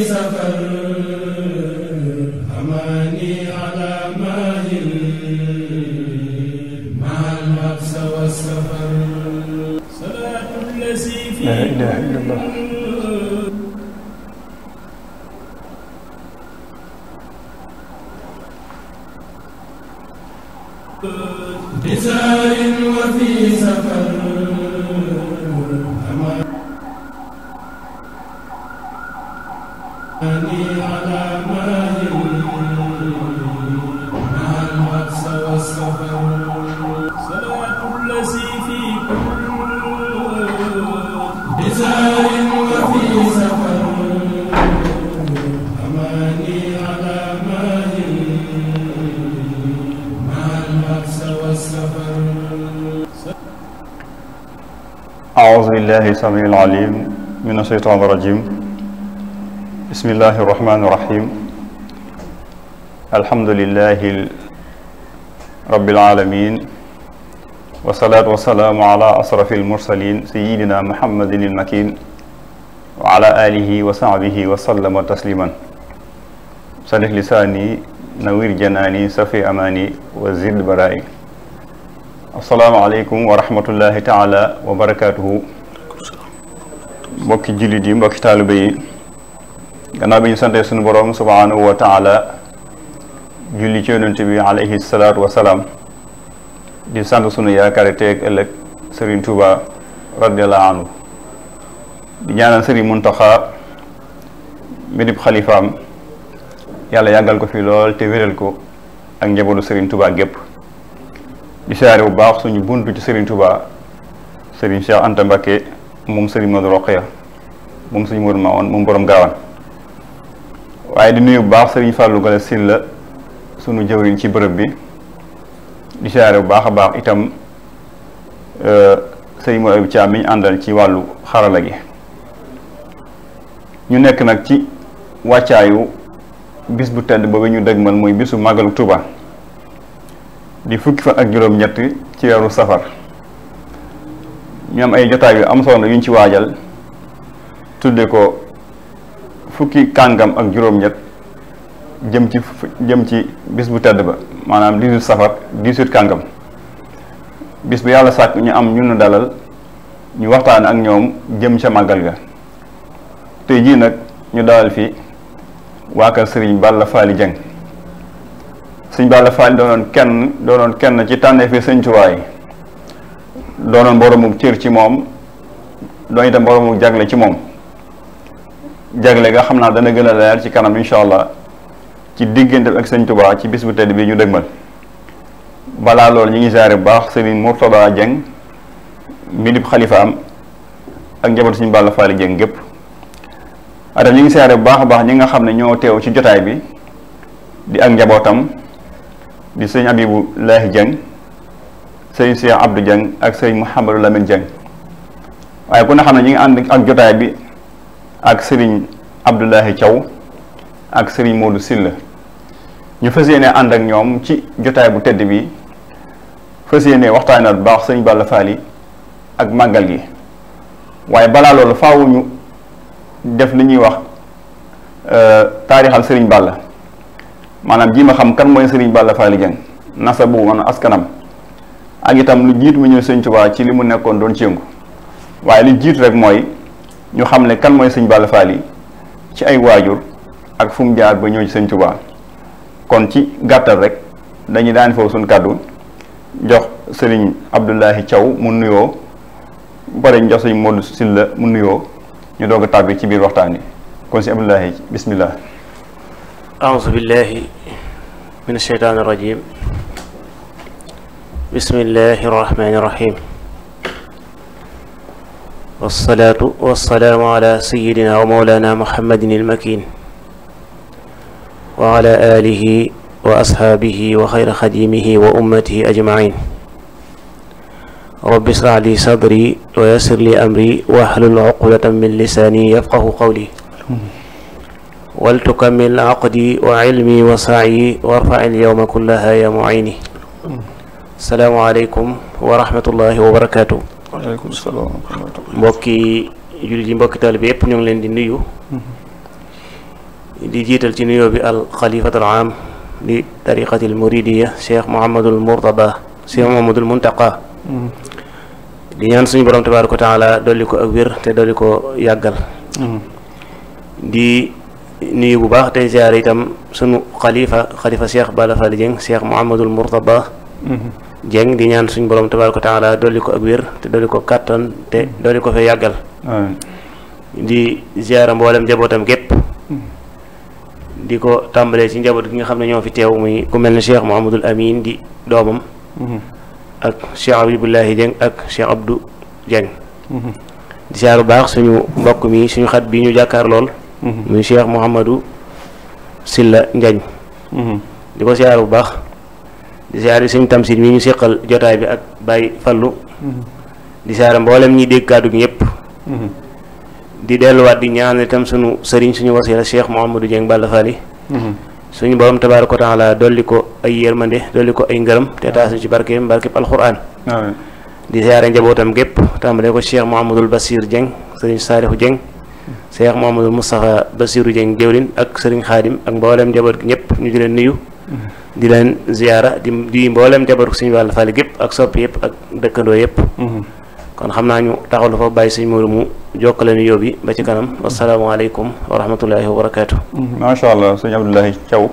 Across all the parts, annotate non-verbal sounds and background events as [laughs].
sant السميع العليم من الشيطان الرجيم بسم الله الرحمن الرحيم الحمد لله رب العالمين والصلاة والسلام على أشرف المرسلين سيدنا محمد المكين وعلى آله وصحبه وسلم تسليما صلح لساني نوير جناني صفي أماني وزد برائي asalaamaaleykum wa rahmatullahi taala wa barakaatuhu bokki jullit yi mbokki taaliba yi gannaaw bi ñu santee suñu borom subhanahu wa taala julli ci yonent bi alayhi salaatu wa salaam di sant sunu yaakaari teeg ëllëg Serigne Touba radiyallahu anhu di ñaanal Serigne Mountakha mi dib xalifaam yàlla yàggal ko fii lool te wéral ko ak njabootu Serigne Touba gépp di siyaare bu baax suñu buntu ci Serigne Touba Serigne Cheikh Anta Mbacké moom Serigne Modou Rokhaya moom suñu mor ma woon moom borom gaawan waaye di nuyu bu baax sëriñ Fallou Gala Sylla sunu jëwriñ ci bërëb bi di siyaare bu baax a baax itam euh, sëriñ Mor Ayib Thiam mi ñu àndal ci wàllu xarala gi ñu nekk nag ci wàccaayu bis bu tedd boobu ñu dëgmal muy bisu màggalu tuba di fukki fan ak juróom-ñett ci weeru safar ñu ay jotaay yu am solo yu ci waajal tuddee ko fukki kàngam ak juróom-ñett jëm ci jëm ci bis bu tedd ba maanaam 18 safar 18 kàngam bis bu yàlla sàkk ñu am ñunu dalal ñu waxtaan ak ñoom jëm ca màggal ga tey jii nag ñu dalal fii waa kër sëriñ Balla Faly Dieng sëriñ Balla Faly doonoon kenn doonoon kenn ci tànneefi sëñ Tuubaa doonoon boroomu cër ci moom doon itam boroomu jagle ci moom jagle nga xam naa dana gën a leer ci kanam incha allah ci diggante ak sëñ Touba ci bis bu tedd bi ñu dëgmal balaa loolu ñu ngi ziare bu baax Serigne Mourtada Dieng mi dib xalifaam ak njabootu suñu Balla Fally Dieng gépp atam ñu ngi ziare bu baax a baax ñi nga xam ne ñoo teew ci jotaay bi di ak njabootam di sëñ Abibu Laahi Dieng sëñ Cheikh Abdou Dieng ak sëñ Mouhamadou Lamine Dieng waaye ku ne xam ne ñu ngi ànd ak jotaay bi ak sëriñ Abdoulahi Thiaw ak sëriñ Modou la ñu fas yéene ànd ak ñoom ci jotaay bu tedd bi fas ne waxtaanal bu baax sëriñ Balla Fally ak màggal gi waaye balaa loolu faaw ñu def li ñuy wax euh, taarixal sëriñ Balla maanaam jii ma xam kan mooy sëriñ Balla Fally Dieng nasabu man askanam ak itam lu jiit mu ñëw sëñ Tuubaa ci li mu nekkoon doon ci yëngu waaye li jiit rek mooy ñu xam ne kan mooy sëñ Balla Fall ci ay waajur ak fu mu jaar ba ñëw ci sëñ Touba kon ci gàttal rek dañuy daan foofu suñ kàddu jox sëriñ Abdoulahi caw mu nuyoo bu pare ñu jox sëriñ Modou mu nuyoo ñu doog a tàbbi ci biir waxtaan yi kon sëriñ Abdoulahi bismillah aouzu billahi min asheytaani rajim bismillahi rahmaani rahim والصلاة والسلام على سيدنا ومولانا محمد المكين وعلى آله وأصحابه وخير خديمه وأمته أجمعين رب اشرح لي صدري ويسر لي أمري واحلل عقدة من لساني يفقه قولي ولتكمل عقدي وعلمي وسعي وارفع اليوم كلها يا معيني السلام عليكم ورحمة الله وبركاته waaleykum salaam mbokki jullit yi mbokki bi yépp ñoo ngi leen di nuyu mm-hmm. di jiital ci nuyoo bi al xalifatul am di tariqatil muridiya cheikh mohamadul murtada cheikh mm-hmm. mohamadul muntaqa mm-hmm. di ñaan suñu borom tabaaraka taala dolli ko ak wér te dolli ko yàggal di nuyu bu baax tey ziare itam sunu xalifa xalifa cheikh bala fali jeng cheikh mohamadul Dieng di ñaan suñ borom tabaaraka taala dolli ko ak wér te dolli ko kàttan te dolli ko fee yàggal di ziara mboolem njabootam gépp hmm. di ko tàmbalee ci njaboot gi nga xam ne ñoo fi teew muy ku mel ne Cheikh Mouhamadul Amin di doomam hmm. ak Cheikh Abibulahi Dieng ak Cheikh Abdou Dieng hmm. di ziara bu baax suñu mbokk mi suñu xat bi ñu jàkkaar lool muy Cheikh Mouhamadou Silla Ndiagne di ko ziara bu baax di siyaare suñ tamsiir mi ñu séqal jotaay bi ak Baye Fallou di siyaare mbooleem ñi dégg kàddu gi ñëpp di delluwaat di ñaanal itam suñu sëriñ suñu wasila Cheikh Mouhamadou Dieng Balla Fally suñu borom tabaaraka taala dolli ko ay yërmande dolli ko ay ngërëm te taas ci barkeem barkeem alxuraan di siyaare njabootam gépp tàmbalee ko Cheikh Mouhamadul Bassir Dieng sëriñ Saalihu Dieng Cheikh Mouhamadul Moustapha Bassirou Dieng jëwlin ak sëriñ Xaadim ak mboolem njaboot gi ñëpp ñu di leen nuyu di leen ziyaara di di mboolem jabaru suñu wàllu fàll gépp ak sopp yëpp ak dëkkandoo yëpp mm-hmm. kon xam naa ñu taxawlu fa bàyyi suñ Moodu mu jokkale nu yóbbi ba ci kanam wasalaamaaleykum wa rahmatullahi wa barakaatu mm-hmm. macha allah suñu Abdoulahi Thiaw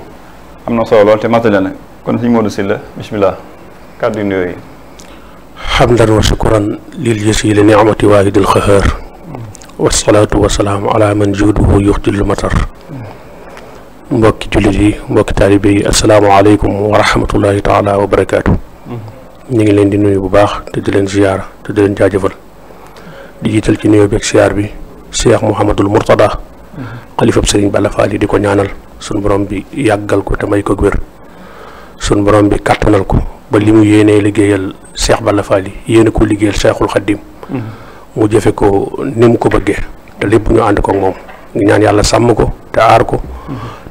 am na solo lool te matale na kon suñ Moodu si la bismillah kàddu nuyoo yi xamdan wa shukran lil jasili ni'mati waahidil qahaar mm-hmm. wasalaatu wasalaamu ala man juuduhu yuxdil matar mbokki jullit yi mbokki taalibe yi asalaamaaleykum wa rahmatullahi taala wa barakaatu. ñu ngi leen di nuyu bu baax te di leen ziyaar te di leen jaajëfal di jiital ci nuyoo beeg ziyaar bi Cheikh Mouhamadul Mourtada xalifab Sëriñ Balla di ko ñaanal suñ borom bi yàggal ko te may ko wér sunu borom bi kàttanal ko ba li mu yéenee liggéeyal Cheikh Balla Faal yéene ko liggéeyal Cheikhul Xaddim mu jëfe ko ni ko bëggee te lépp ñu ànd ko moom ñaan yàlla sàmm ko te ko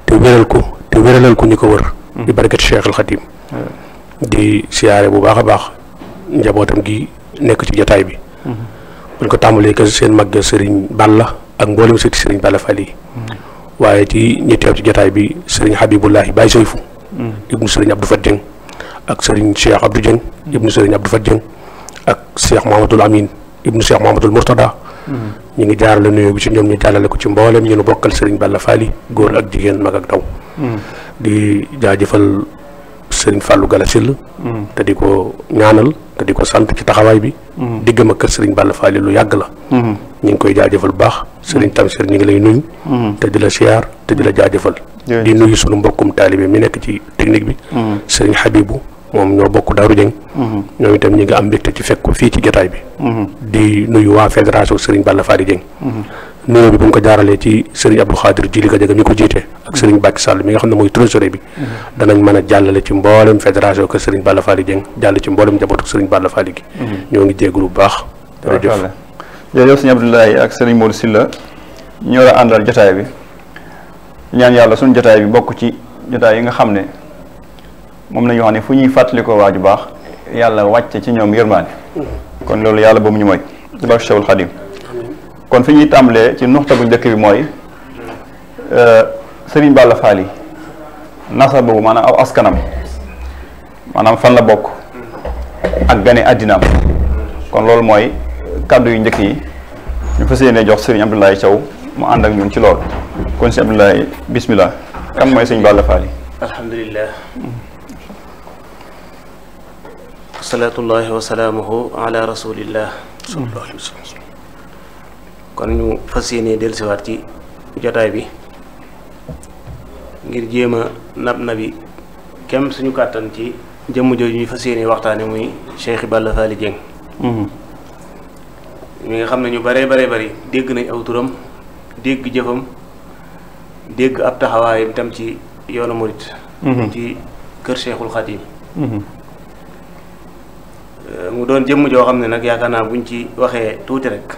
te wéral ko te wéralal ko ñi ko wër di hmm. barkat Cheikh al hmm. di siyaare bu baax a baax njabootam gi nekk ci jotaay bi hmm. buñ ko tàmbalee que seen mag sëriñ Balla ak mboolem sëti sëriñ Balla yi waaye ci ñi ci jotaay bi sëriñ Habibullahi Baye Seyfu ibnu sëriñ Abdou Fat Dieng ak sëriñ Cheikh Abdou Dieng ibnu sëriñ Abdou Fat Dieng ak Cheikh Mouhamadoul Amine ibnu Cheikh Mouhamadoul Mourtada ñu ngi jaar la nuyoo bi ci ñoom ñu tàllale ko ci mboolem ñu nu bokkal Serigne Balla Fally góor ak jigéen mag ak ndaw. Mm. di jaajëfal Serigne fàllu Gala Syll mm. te di ko ñaanal te di ko sant ci taxawaay bi. Mm. diggam ak kër Serigne Balla Fally lu yàgg la. ñu ngi koy jaajëfal bu baax Serigne Tamsir ñu ngi lay nuyu. te di la siyaar te di la jaajëfal. di nuyu sunu mbokkum taalibe mi nekk ci technique bi. Serigne Habibou. moom ñoo bokk Daaru Jëng mhm. ñoom itam ñi nga am mbégte ci fekk ko fii ci jotaay bi mhm. di nuyu waa fédération Serigne Balla Fally Dieng mhm. nuyoo bi bu ñu ko jaaralee ci Serigne Abdou Khadir Djili Gadiaga mi ko jiite ak Serigne Bakki Sall mi nga xam ne mooy trésorier bi danañ a jàllale ci mboolem fédération que Serigne Balla Fally Dieng jàll ci mboolem njabootu Serigne Balla Fally gi ñoo ngi jéegul bu baax jërëjëf jërëjëf Serigne ak Serigne Modou Sylla ñoo la àndal jotaay bi ñaan yàlla suñu jotaay bi bokk ci jotaay yi nga xam ne moom la ñu wax ne fu ñuy fàttalikoo waa ju baax yàlla wàcce ci ñoom yërmaane mm-hmm. kon loolu yàlla ba mu ñu mooy ci barke Cheikhul Khadim kon fi ñuy tàmbalee ci nuxta bu njëkk bi mooy euh, sëriñ Balla Fall yi boobu maanaam aw askanam maanaam fan la bokk ak gane àddinaam kon loolu mooy kàddu yu njëkk yi ñu fas yéene jox Serigne Abdoulaye sow mu ànd ak ñun ci loolu kon si Abdoulaye bismillah kan mooy Serigne Balla Fall salaatullahi wa salaamuhu ala rasulillah kon ñu fas yéene dellusiwaat ci jotaay bi ngir jéem a nab nabi kem suñu kàttan ci jëmm jooju ñu fas yéene waxtaane muy Cheikh Balla Fally Dieng mhm. mi nga xam ne ñu bare bare bari dégg nañ aw turam dégg jëfam dégg ab taxawaayam tam ci yoonu murit mhm. ci kër Cheikhul Khadim mhm. mu doon jëmm joo xam ne nag yaakaar bu buñ ci waxee tuuti rek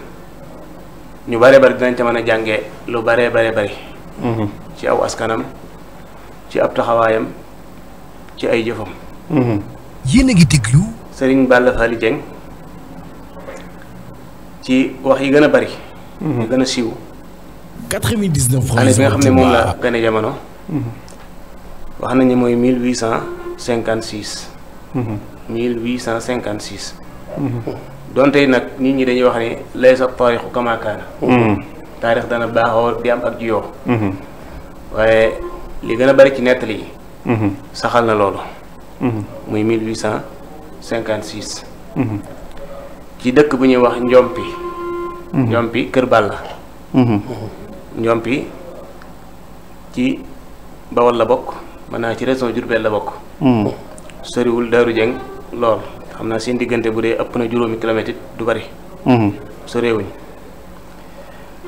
ñu bare bari dinañ ca mën a jànge lu bare bare bari mhm. ci aw askanam ci ab taxawaayam ci ay jëfam mhm. yéen a ngi déglu Serigne Balla Fally Dieng ci wax yi gën a bari mhm. yi gën a siiw 99 francs année bi nga xam ne moom la gane jamono wax nañu mooy 1856 1856. Mhm. donte yi nag nit ñi dañu wax ni lay sa taarixu kamakaana mhm. taarix dana baaxoo di am ak jiyoo mhm. waaye li gën a bari ci nettali yi saxal na loolu muy 1856. ci dëkk bu ñuy wax njompi njompi kër Balla njompi ci Bawol la bokk mën naa ci région Diourbel la bokk soriwul Daaru Jeng lool xam naa seen diggante bu dee ëpp na juróomi kilomètre it du bari mhm. su réewuñ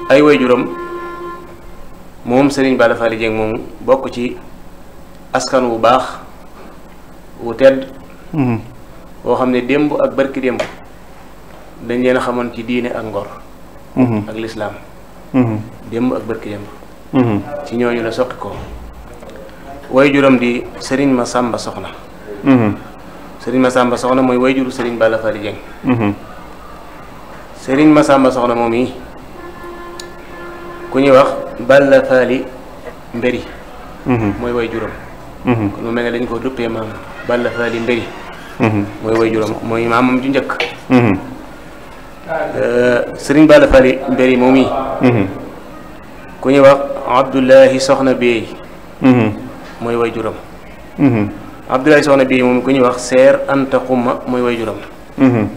ay way juróom moom sëriñ Balla Fally Dieng moomu bokk ci askan wu baax wu tedd boo mhm. xam ne démb ak barki démb dañ leen xamoon ci diine ak ngor mhm. ak lislaam démb ak barki démb ci ñooñu la soqi ko way juróom di Serigne Massamba Soxna sëriñ Masamba Soxna mooy wayjuru sëriñ Balla Fally Dieng mhm. sëriñ Masamba Soxna moom yi ku ñuy wax Balla Fally Mbéri mhm. mooy wayjuram mhm. kon koo duppee maam Balla Fally Mbéri ju njëkk euh, sëriñ Balla Fally Mbéri moom yi ku ñuy wax Abdoulahi Soxna Bey mooy wayjuram Abdoulaye Soxna Biri moom ku ñuy wax Seer Anta Xuma mooy waajuram. Mhm.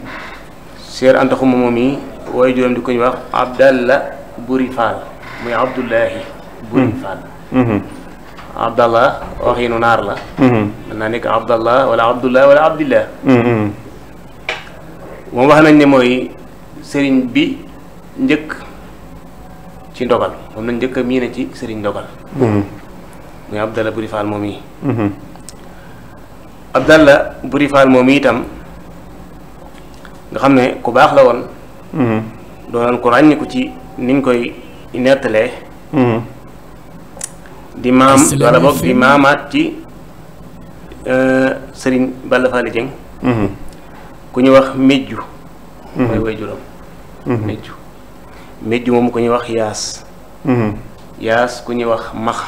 Seer Anta Xuma moom yi waajuram di ku ñuy wax Abdallah Buri Fall muy Abdullahi Buri mhm. Fall. Mhm. Abdallah wax yi naar la. mën naa nekk Abdallah wala Abdullah wala Abdillah. moom wax nañ ni mooy sëriñ bi njëkk ci ndogal moom lañ njëkk a miine ci sëriñ ndogal. muy Abdallah Buri Fall moom yi. Abdallah Buri Faal moom itam nga xam ne ku baax la woon mm-hmm. doonoon ku ràññiku ci niñ koy nettalee mm-hmm. di maam wala di maamaat ci euh, sëriñ Balla Faali Jeng mm-hmm. ku ñu wax méjju mooy waajuram méjju méjju moom ku ñuy wax yaas yaas ku ñuy wax max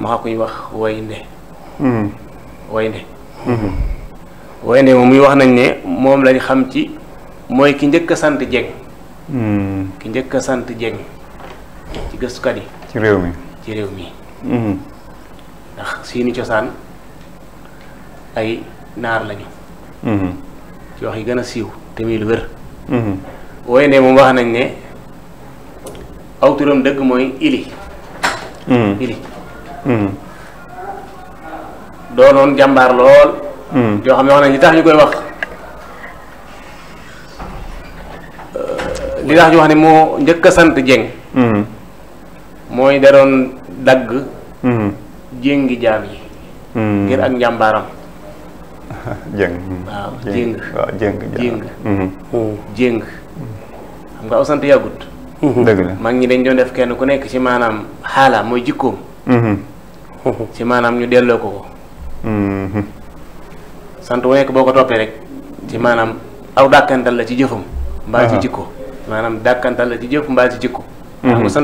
maxa ku ñuy wax waynde waynde waynde moom muy wax nañ ne moom lañ xam ci mooy ki njëkk a sant jeng hmm. ki njëkk a sant jeng ci gëstukat yi ci réew mi ci réew mi hmm. ndax seeni cosaan ay naar lañu hmm. ci wax yi gën a siiw te muy lu wér waynde moom wax nañ ne aw dëgg mooy ili ili doonoon jàmbaar lool. Hmm. yoo xam ne wax nañ li tax ñu koy wax li tax ñu wax ne moo njëkk a sant Dieng. Hmm. mooy da doon dagg. Hmm. jéngi jaam yi. ngir ak njàmbaaram. [laughs] jéng waaw jéng waaw jéng jéng jéng xam nga aw sant yàggut dëgg la mag ñi dañ doon def kenn ku nekk ci maanaam xaala mooy jikkoom ci maanaam ñu delloo ko ko Mhm. sant wu nekk boo ko toppee rek ci maanaam aw dàkkantal la ci jëfam mbaa ci jikko maanaam dàkkantal la ci jëf mbaa ci jikko mhm. la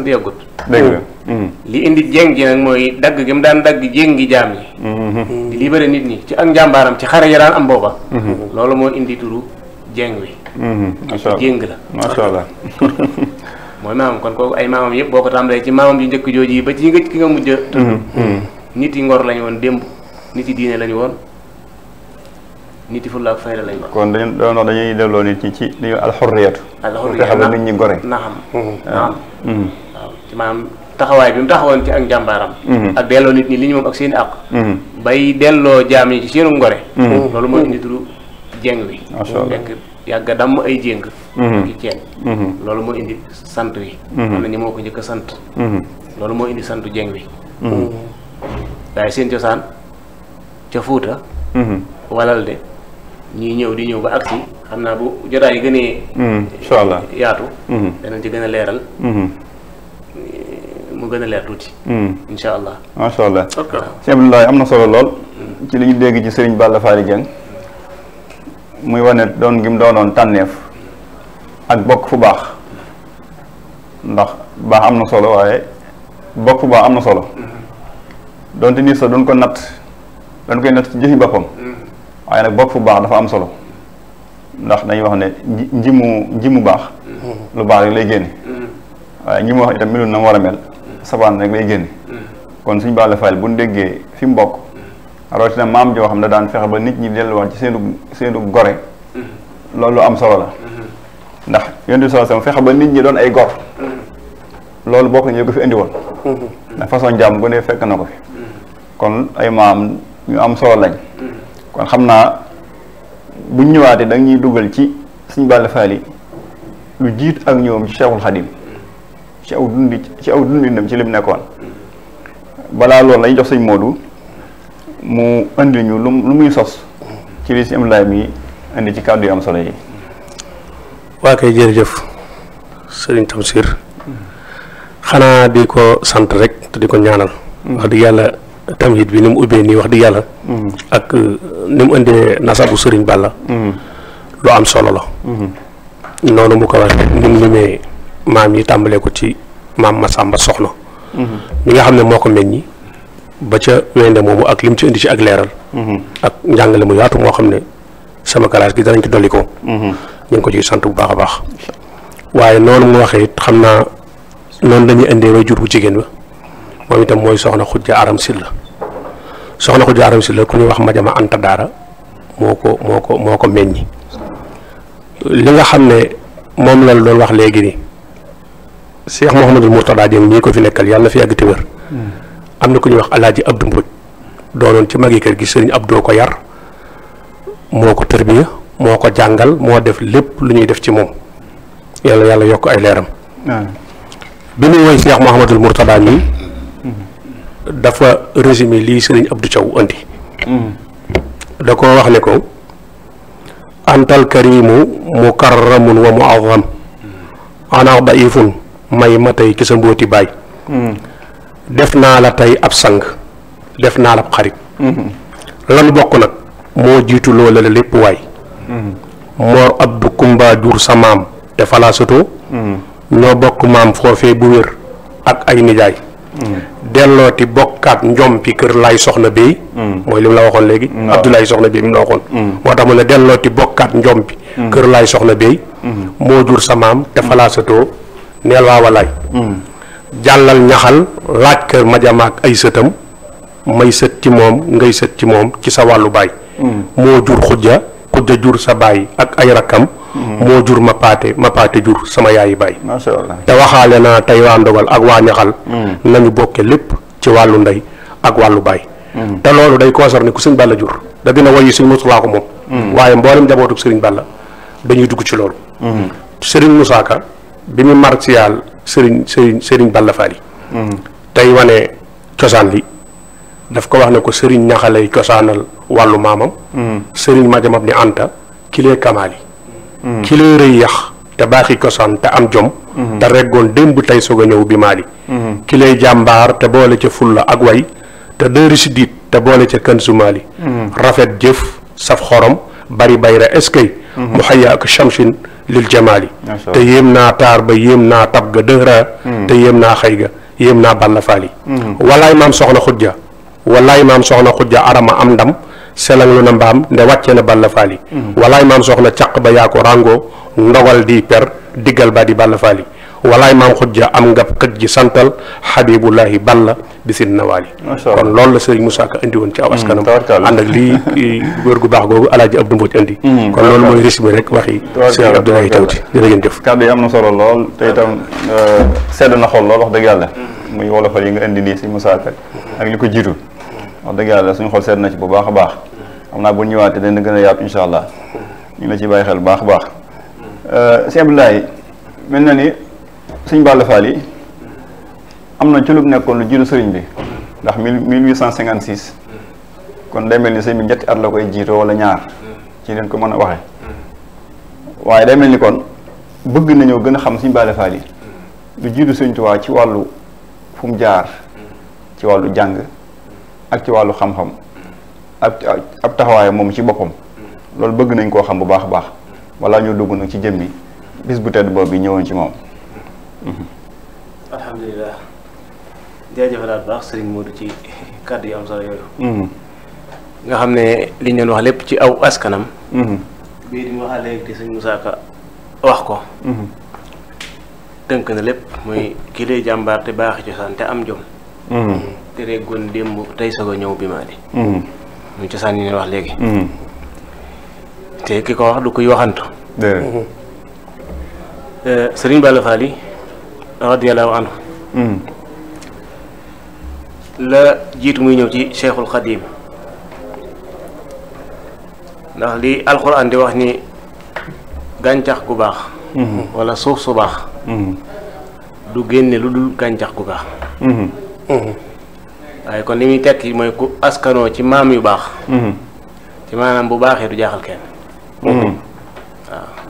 hmm. mhm. li indi jéng ji nag mooy dagg gi mu daan dagg jéngi jaam yi di libéré nit ñi ci ak njàmbaaram ci xare ya daan am booba loolu moo indi turu jéng wi jéng la macha allah [laughs] mooy maamam kon kooku ay maamam yëpp boo ko tàmbalee ci maamam yu njëkk jooju yi ba ci nga ki nga mujj nit yi ngor lañu woon démb nit yi diine lañu woon nit yi fulla ak fayda lañu woon. kon dañu doon wax dañuy delloo nit ñi ci li ñuy alxurriyatu. alxurriyatu fexe ba nit mm-hmm. Mm-hmm. waaw ci maanaam taxawaay bi mu taxawoon ci ak njàmbaaram. Mm-hmm. ak delloo nit ñi li ñu moom ak seen àq. bay delloo jaam yi ci seenu ngore. loolu mooy indi turu jéng moo indi sant wi. am na ñi moo ko njëkk a sant. loolu moo indi santu jéng wi. waaye seen cosaan. ca Fuuta mhm. walal de ñuy ñëw di ñëw ba agsi xam naa bu jotaay gënee mhm, incha allah yaatu mhm. danañ ci gën a leeral mu gën a leer tuuti incha allah macha allah sëñ Abdoulaye am na solo lool ci li ñu dégg ci sëriñ Balla Fally Dieng muy wane doon gi mu doonoon tànneef ak bokk fu baax ndax baax am na solo waaye bokk fu baax am na solo donte nii sax duñ ko natt dañ koy natt ci jëfi boppam mm. waaye nag bokk fu baax dafa am solo ndax dañuy wax ne nji mu nji mu baax mm. lu baax rek lay génne mm. waaye nji mu wax itam melul na mu war a mel sabaan rek lay génne kon suñ baax la fayal bu ñu déggee fi mu bokk na maam joo xam ne daan fexe ba nit ñi delluwaat ci seenu seenu gore loolu am solo la mm-hmm. ndax yonent bi sallallahu alayhi fexe ba nit ñi doon ay gor loolu bokk nañu ko fi indi woon mm-hmm. façon jàmm bu ne fekk na ko fi kon ay maam ñu am solo lañ kon xam naa buñ ñëwaatee da ñuy dugal ci suñ Balla Faali lu jiit ak ñoom ci Cheikhul Xadim ci aw dundi ci aw dundindam nekkoon balaa loolu lañ jox sëñ Modou mu indi ñu lu muy sos ci li si Ibrahima mi indi ci kàddu yu am solo yi waa kay jërëjëf sëriñ Tamsir hmm. xanaa di ko sant rek te di ko ñaanal hmm. wax dëgg yàlla tamhid bi ni mu ubbee nii wax dëgg yàlla. Mm. ak euh, ni mu indee nasabu Serigne Balla. Mm. lu am solo la. Mm. noonu mu ko wax ni mu limee maam yi tàmbalee ko ci maam Masamba Soxna. Mm-hmm. mi nga xam ne moo ko meññi ba ca wende moomu ak lim ci indi ci ak leeral. Mm-hmm. ak njàngale mu yaatu moo xam ne sama classe gi danañ ko dolli ko. Mm-hmm. ñu ngi ko ciy sant bu baax a baax. waaye noonu mu waxee xam naa noonu la indee way jur bu jigéen ba. moom itam mooy soxna xujja aram silla soxna xujja aram silla ku ñuy wax Madiama Anta Daara moo ko moo ko moo ko meññi li nga xam ne moom la doon wax léegi nii Cheikh Mouhamadul Mourtada Dieng ñii ko fi nekkal yàlla na fi yàgg te wér hmm. am na ku ñuy wax alaaji Abdou Mbodj doonoon ci mag yi kër gi sëriñ doo ko yar moo ko tërbiya moo ko jàngal moo def lépp lu ñuy def ci moom yàlla yàlla yokk ay leeram bi muy woy Cheikh Mouhamadul Mourtada mii dafa résumé lii sëriñ Abdou Thiaw andi hmm. da ko wax ne ko antal karimu mukarramun wa mu'azzam hmm. ana daifun may ma tey ci sa mbóoti baay hmm. def naa la tey ab sang def naa la ab xarit lan bokk nag moo jiitu loola la lépp waay moor abdu kumba jur sa maam te falaasatoo ñoo bokk maam foofee bu wér ak ay nijaay dellooti bokkaat njompi kër laay soxna béy mm. mooy li mu la waxoon léegi Abdoulaye soxna béy bi mu la waxoon mm. moo tax mu ne dellooti bokkaat njompi mm. laay soxna béy jur sa maam te falaasatoo neel waa jàllal ñaxal laaj kër majamaak ay sëtam may sët ci moom ngay sët ci moom ci sa wàllu baay moo jur xujja xujja jur sa baay ak ay rakkam moo jur ma paate ma jur sama yaayi baay te waxaale naa tey waa ndogal ak waa ñaxal mm. nañu bokke lépp ci wàllu ndey ak wàllu baay mm. te loolu day concerné ku sëñ Balla jur da dina wayu sëñ Moussa ko moom mm. waaye mboolem njabootu sëriñ Balla dañuy dugg ci loolu sëriñ Moussa Ka bi mu martial sëriñ sëriñ sëriñ Balla Fally tey wane cosaan li daf ko wax ne ko Serigne Ñaxa lay cosaanal wàllu maamam. Hmm. Serigne Madiamab ni Anta kilee Kamaali. Hmm. kilee yax te baaxi cosaan te am jom. Hmm. te reggoon démb tey soog a ñëw bi Mali. kilee jàmbaar te boole ca fulla ak way te dëri si te boole ca kan su rafet jëf saf xorom bari bayra eskay. mu xayya ak shamsin lil jamaali. te yéem naa taar ba yéem naa tab ga dëhra. te yéem naa xëy ga yéem naa balla faali. maam soxna xujja wallaay maam soxna xujja arama am ndam selang lu na mbaam nde wàcce na balla faali mm-hmm. wallaay maam soxna caq ba yaa ko rango ndogal di per diggal ba di balla faali walaay maam xujja am ngab xëj ji santal xabibullahi balla bisin nawaali kon loolu la sëriñ Moussa Ka indi woon ci aw askanam mm-hmm. ànd ak lii góor gu baax googu alaaji Abdou Mbodj indi mm-hmm. kon loolu mooy résumé rek waxi sëriñ Abdoulaye Tawti dina ngeen jëf kàddu yi am euh, dëgg yàlla muy wolofal yi nga indi nii si Moussa wax dëgg yàlla suñ xol seet na ci bu baax a baax xam naa bu ñëwaatee dana gën a yaatu incha allah ñu ngi la ci bàyyi xel bu baax a baax. sëñ euh, Abdoulaye mel na ni suñ Balla Fall yi am na ci lu nekkoon lu jiitu sëriñ bi ndax mil mille huit cent cinquante six kon day mel ni sëñ bi ñetti at la koy jiitoo wala ñaar ci leen ko mën a waxe waaye day mel ni kon bëgg nañoo gën a xam suñ Balla Fall yi lu jiitu sëriñ Tuubaa ci wàllu fu mu jaar ci wàllu jàng. ak ci wàllu xam-xam ab ab moom ci boppam loolu bëgg nañ koo xam bu baax a baax wala ñu dugg nag ci jëmmi bis bu tedd boobu bi ñëwoon ci moom. Mhm. alhamdulilah jaajëfalaat baax sëriñ Modou ci kàddu yu am solo yooyu. Mhm. nga xam ne liñ leen wax lépp ci aw askanam. Mhm. bii di wax léegi te sëñ Moussa Ka wax ko. tënk na lépp muy kii lay jàmbaar te baaxi cosaan te am jom. tere gon démb tey soog a ñëw bi maa di ñu cosaan yi ne wax léegi hmm. te ki ko wax du koy waxantu hmm. euh, sëriñ Balla Faali radiyallahu anhu hmm. la jiitu muy ñëw ci Cheikhul Xadim ndax li alxuraan di wax ni gàncax gu baax wala suuf su baax du génne lu dul gàncax gu baax waaye kon li muy tekki mooy ku askanoo ci maam yu baax. Mhm. ci maanaam bu baaxee du jaaxal kenn. Mhm. waaw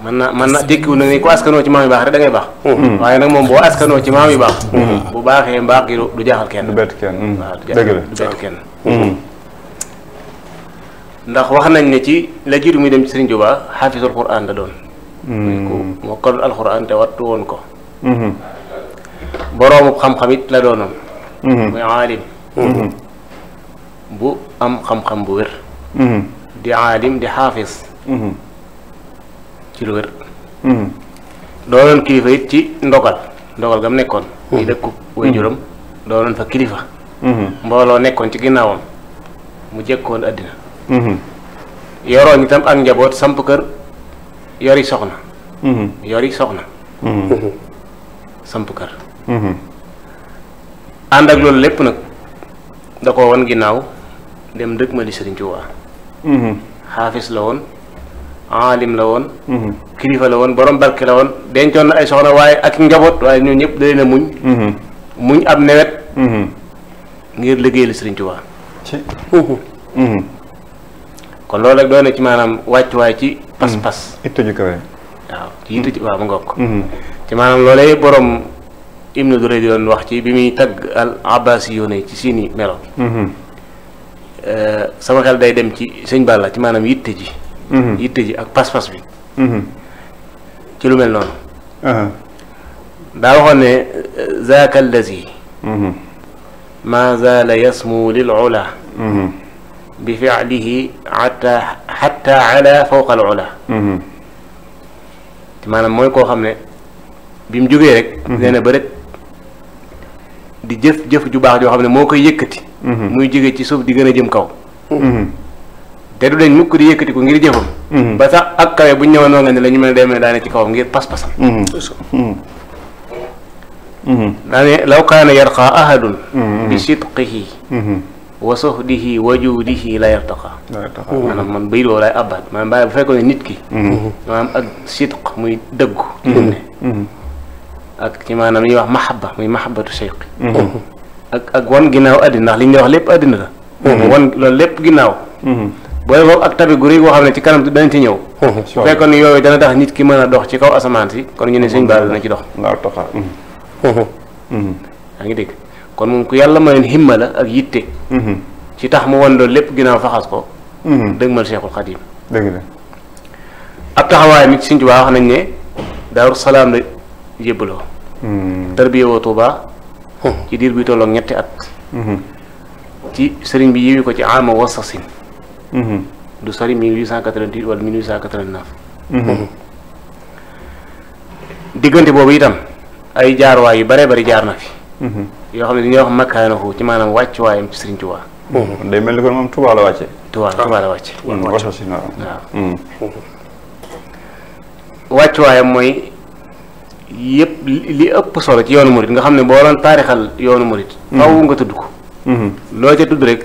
mën na mën na tekkiwul na ni ku askanoo ci maam yu baax rek dangay baax. Mhm. waaye nag moom boo askanoo ci maam yu baax. bu baaxee mbaax gi du jaaxal kenn. du bett kenn waaw du bett ndax wax nañ ne ci la jiitu muy dem ci Sëriñ Tuubaa xaafisul Quraan la doon. ku mokkal alxuraan te wattu woon ko. boroomu xam-xam la doonoon. muy aalim. Mm-hmm. bu am xam-xam bu wér mm-hmm. di aalim di xaafis mm-hmm. ci lu wér doonoon kilifa it ci ndogal ndogal gam nekkoon di dëkku waajuram doonoon fa kilifa mbooloo nekkoon ci ginnaawam mu jëkkoon àddina yoroon itam ak njaboot samp kër yori soxna yori soxna samp kër ànd ak loolu lépp nag da ko wan ginnaaw dem dëkk ma li Sëriñ Tuubaa mhm. xaafis la woon aalim la woon mhm. kilifa la woon boroom barke la woon dencoon na ay soxna waaye ak njaboot waaye ñun ñëpp dalee na muñ mhm. muñ am newet ngir liggéeyal Sëriñ Tuubaa uhuh. kon loolu rek doon na ci maanaam wàccuwaay ci pas-pas. waaw ci it tëju waaw mu ngoog ko ci maanaam loolee borom Ibnu Duray di doon wax ci bi muy tagg al abbasiyuun ci seeni melo mhm. eh, sama xel day dem ci sëñ Balla ci maanaam yitte ji mhm. yitte ji ak pas-pas bi mhm. ci lu mel noonu daa waxoon ne zaaka allazi ma zaala yasmu lil ula bi fi'lihi hatta hatta ala maanaam mooy koo xam ne bi mu jógee rek nee ba rek di jëf jëf ju baax joo xam ne moo koy yëkkati. Mhm. muy jóge ci suuf di gën a jëm kaw. Mhm. te du leen mukk di yëkkati ko ngir jëfam. Mhm. ba sax ak kawe bu ñu ñëwoon noonu la ne la ñu mel ne day mel daane ci kawam ngir pas-pasam. wa suhdihi wa juudihi la yartaqa maanaam man a doo laay abbaat maanaam bàyyi bu fekkoon ne ki maanaam ak sidq muy dëggu ak ci maanaam li ñuy wax mahabba muy mahabbatu seyqi mhm. ak ak wan ginnaaw àddina ndax li ñuy wax lépp àddina la mhm. wan loolu lépp ginnaaw boole mhm. boobu ak tabi gu rëy boo xam ne ci kanam danañ ci ñëw su fekkoon ni yooyu dana tax nit ki mën a dox ci kaw asamaan si kon ñu ne sëñ baal dana ci dox yaa ngi dégg kon moom ku yàlla mayoon himma la ak yitte ci tax mu wan loolu lépp ginnaaw faxas ko dëgmal Seexul Xadiim dëgg la ab taxawaay mi ci Sëñ Tuubaa wax nañ ne Daaru jébbaloo. Hmm. tarbiya woo Touba. Hmm. ci diir bi tolloog ñetti at. Hmm. ci sëriñ bi yéwi ko ci ama wasasin. du sori 1888 wala 1889. diggante boobu itam ay jaarwaay yu bare bari jaar na fi. yoo xam ne dañuy wax makkaanahu ci maanaam wàccuwaayam ci sëriñ Touba. day mel ni kon moom Touba la wàcce. Touba Touba la wàcce. wasasin waaw. wàccuwaayam mooy. yëpp li ëpp solo ci yoonu murit nga xam ne boo doon taarixal yoonu murit mhm. faw nga tudd ko mhm. loo ca tudd rek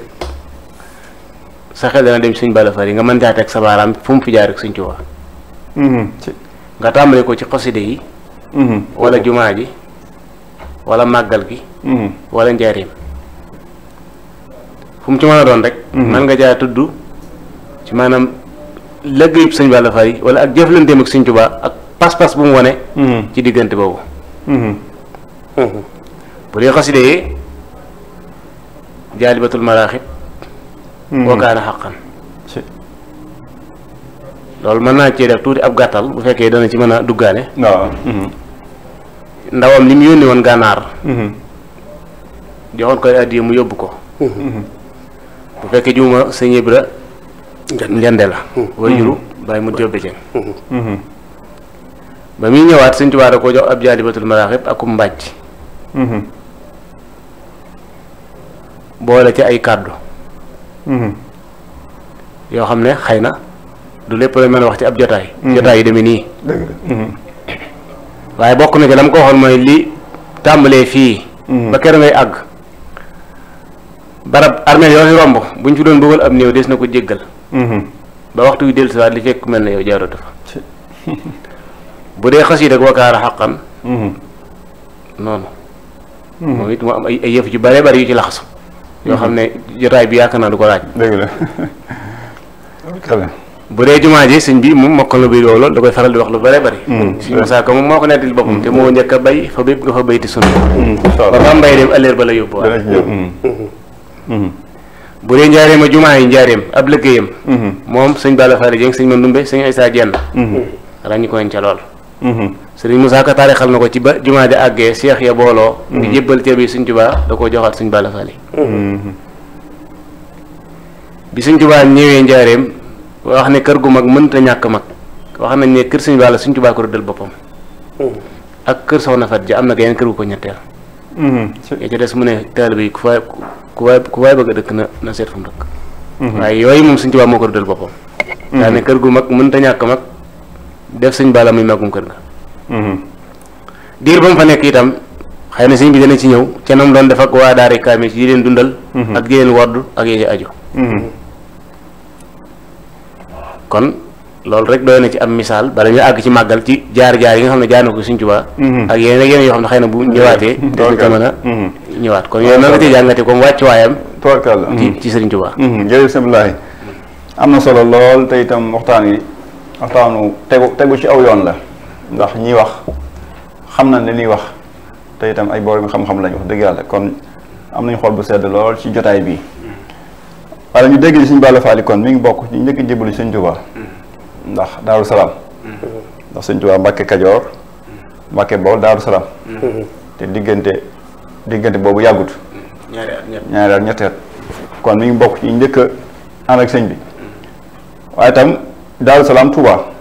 sa xel dana dem suñ bala far yi nga mën caa teg sa fu mu fi jaar rek suñ mhm. ci wax nga tàmbale ko ci xaside yi wala jumaa ji wala màggal gi wala njaareem fu mu ci mën a doon rek mën nga caa tudd ci maanaam lëggéeyub suñ bala far yi wala ak jëflanteem ak suñ Tuubaa ak pas-pas bu mu wane. Mm-hmm. ci diggante boobu. Mm-hmm. Mm-hmm. bu dee xaside yi jaalibatul maraaxib. wa kaana xaqan. loolu mën naa cee def tuuti ab gàttal bu fekkee dana ci mën a duggaale. waaw. ndawam li mu woon gànnaar. joxoon koy addiya yóbbu ko. bu fekkee juuma sëñ Ibra. njënd la. wajuru bàyyi mu jóbbe jeng ba muy ñëwaat Sëñ Tuubaa da koo jox ab jaalibatul maraaxib ku mbàjj mm-hmm. boole ci ay kàddu mm-hmm. yoo xam ne xëy na du lépp la mel a wax ci ab jotaay mm-hmm. jotaay yi deme nii waaye bokk na ci la mu ko wax mooy li tàmbalee fii ba kër ngay àgg barab armeel yoo fi romb bu ñu fi doon bëggal ab néew des na ko jéggal ba waxtu wi dellusiwaat li fekk mel na yow jaaratu fa [laughs] bu dee xasiid ak wakaara xaqan mhm. noonu mhm. moom it mu am ay yëf yu bare bari yu ci laxasu yoo mhm. xam ne jotaay bi yaakaar naa du ko laaj dëgg la bu dee jumaa ji sëñ bi moom mokkal na bi loolu da koy faral di wax lu bare bari sëñ Musaa Ka moom moo ko nettali boppam te moo njëkk a bay fa bépp nga fa bayti sunu ba nga mbay dem ëllëg ba la yóbbu waaye bu dee njaareem a jumaa yi njaareem ab liggéeyam moom sëñ Balla Fally Dieng sëñ Mandoumbe sëñ Issa Dieng ràññi ko lool Mhm. sëriñ Moussa Ka taarixal na ko ci ba jumaa ji àggee seex ya booloo ngi mhm. jébbal ceeb yi suñ Tuubaa da koo joxaat suñ Balla Fally mhm. bi suñ Tuubaa ñëwee njaareem wax ne kër gu mag mënta ñàkk mag nañ ne kër suñ Balla suñ Tuubaa ko rëddal ak kër soxna Fat ja am na yeneen kër mu ne taalibe yi ku faay waay ku a dëkk na waaye yooyu moom suñ Tuubaa moo ko rëddal boppam daa ne kër gu mag mënta ñàkk mag def sëñ Balla muy magum kër ga. Mm-hmm. diir ba mu fa nekk itam xëy na sëñ bi dana ci ñëw kenn doon def ak waa daare kaamil yi leen dundal. Mm-hmm. ak yi leen ak yi aju. Mm-hmm. kon loolu rek doy na ci am misaal bala ñu àgg ci màggal ci jaar-jaar yi nga xam ne jaar ko sëñ Tuubaa. ak yeneen yoo xam ne xëy na bu ñëwaatee. [laughs] dinañ ko a ñëwaat kon yooyu nan nga ci jàngate comme wàccuwaayam. toog ci sëñ Abdoulaye am na solo lool te itam waxtaan yi. waxtaanu tegu tegu ci aw yoon la ndax ñiy wax xam na ne nuy wax te itam ay borom xam-xam lañu wax dëgg yàlla kon am nañ xool bu sedd lool ci jotaay bi wala ñu dégg siñ suñu Balla Fally kon mi ngi bokk njëkk jébbalu sëñ Tuubaa ndax Daaru ndax sëñ Tuubaa Mbàkke Kajoor Mbàkke Bawol Daaru diggante diggante boobu yàggut ñaari at ñetti mi ngi bokk ci njëkk ànd ak sëñ bi waaye tam Daaru Salaam Touba.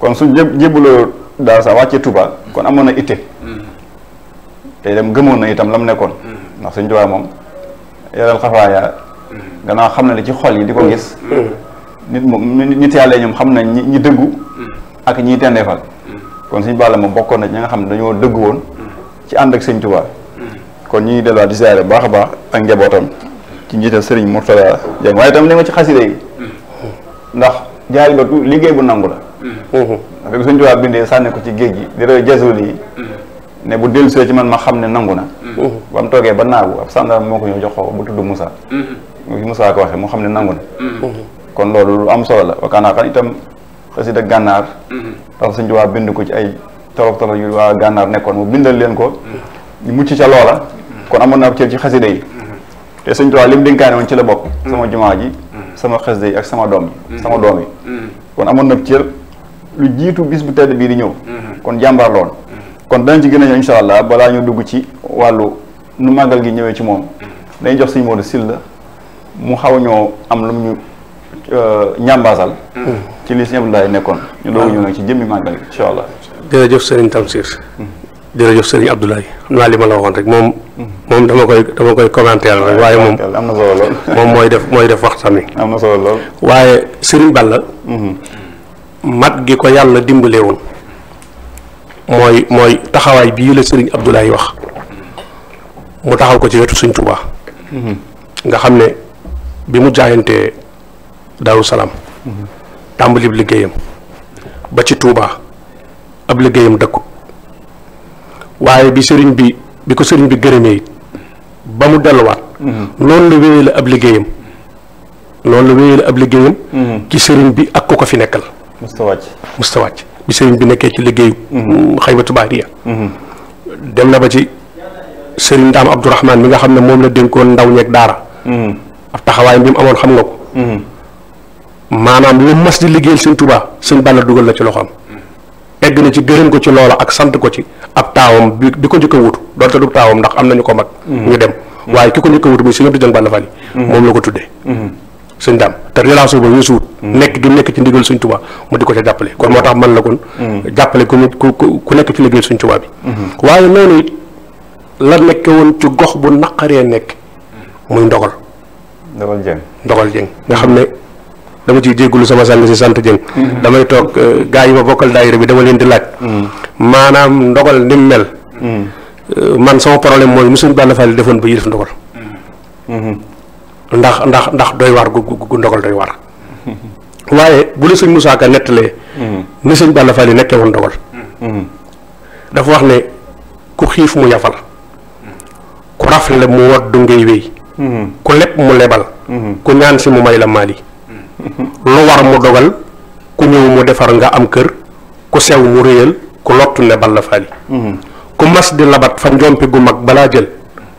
kon su jé jébbaloo Daaru Salaam wàccee tubaa kon amoon na itte. te dem gëmoon na itam la mu nekkoon. ndax suñ Touba moom yaral xafaaya danaa xam ne li ci xol yi di ko gis. nit moom nit yàlla ñoom xam nañ ñi ñi dëggu. ak ñiy tendeefal. kon suñ Balla moom bokkoon na ñi nga xam ne dañoo dëggu woon. ci ànd ak sëñ Touba. kon ñuy delluwaat di siyaare baax a baax ak njabootam. ci njiital Serigne Mourtada Dieng waaye itam ne ci xasida yi ndax jaalibatu liggéey bu nangu la. Mm-hmm. parce suñ tubaab bindee sànne ko ci géej gi di rëy jasuli yi. Mm-hmm. ne bu dellusee ci man ma xam ne nangu na. Mm-hmm. ba mu toogee ba naagu ab sàndarma moo ko ñëw jox ko bu tudd Moussa. mu Moussa ko waxee mu xam ne nangu na. kon loolu lu am solo la wakaanaa xam itam xasida gànnaar. tax suñ tubaab bind ko ci ay tolof tolof yu waa gànnaar nekkoon mu bindal leen ko. ñu mucc ca loola. kon amoon na ab cër ci xasida yi. te suñ tubaab li d dénkaane woon ci la bokk. sama jumaa sama xes yi ak sama doom yi mm-hmm. sama doom yi mm-hmm. kon amoon na cër lu jiitu bis bu tedd bii di ñëw mm-hmm. kon jàmbaar kon danañ ci gën a ñëw incha allah balaa ñu dugg ci wàllu nu màggal gi ñëwee ci moom dañuy jox sëñ Modou Sylla mu xaw ñoo am lu ñu euh, ñàmbaasal ci li sëñ Abdoulaye nekkoon ñu doogu ñu ci jëmmi màggal gi incha allah jërëjëf sëriñ Tamsir jërëjëf sëriñ Abdoulaye xam naa li ma la waxoon rek moom. moom dama koy dama koy commenter rek waaye moom am na solo moom mooy def mooy def wax sami am solo lool. waaye sëriñ Balla. Mhm. mat gi ko yàlla dimbalewul woon mooy mooy taxawaay bii la sëriñ Abdoulaye wax mu taxaw ko ci wetu sëriñ Tuubaa. Mhm. nga xam ne bi mu jaayantee Daaru Salaam. Mhm. tàmbalib liggéeyam ba ci tuuba ab liggéeyam dëkku. waaye bi sëriñ bi bi ko sëriñ bi gërëmee ba mu delluwaat. Mm-hmm. noonu la wéyee la ab liggéeyam loolu la wéyee la ab liggéeyam. ci mm-hmm. sëriñ bi ak ku ko fi nekkal. mustawàcc mustawàcc bi sëriñ bi nekkee ci liggéeyu. Mm-hmm. xaymatu baariya dem na ba ci sëriñ Daam Abdourahman mi nga xam ne moom la dénkoon ndaw ñeeg daara. ab taxawaayam bi mu amoon xam nga ko. maanaam lu mas di liggéeyal sëñ tubaa sëñ Balla dugal la ci loxoom. egg na ci gërëm ko ci loola ak sant ko ci ab taawam bi bi ko jëkk a wutu doonte du taawam ndax am nañu ko mag mm-hmm. ñu dem mm-hmm. waaye ki ko njëkk a wutu muy sëñ Abdou Dieng Balla Fally mm-hmm. moom la ko tuddee sëñ daam te relation ba weesuwut nekk du nekk ci ndigal sëñ Tuubaa mu di ko ca jàppale kon moo tax man la kon jàppale ku ku nekk ci liggéey sëñ Tuubaa bi waaye noonu it la nekke woon ci gox bu naqaree nekk muy ndogal ndogal jëng nga xam ne dama ciy jéggulu sama sang sant Dieng. Mm-hmm. damay toog eh, gaa yi ma bokkal daayira bi dama leen di laaj. Mm-hmm. maanaam ndogal ni mu mel. Mm-hmm. Eh, man sama problème mooy mosuñu Balla Fall defoon ba yilif ndogal. ndax ndax ndax doy waar gu gu ndogal doy waar. waaye bu la sëñ Moussa Ka nettalee. ni sëñ Balla nekkee woon ndogal. dafa wax ne ku xiif mu yafal. ku rafle mu wadd ngay wéy. ku lepp mu lebal. ku ñaan si mu may la maali. lu war mu dogal ku ñëw mu defar nga am kër ku sew mu réyal ku lottu ne balla mhm. ku mas di labat fa njompi gu mag balaa jël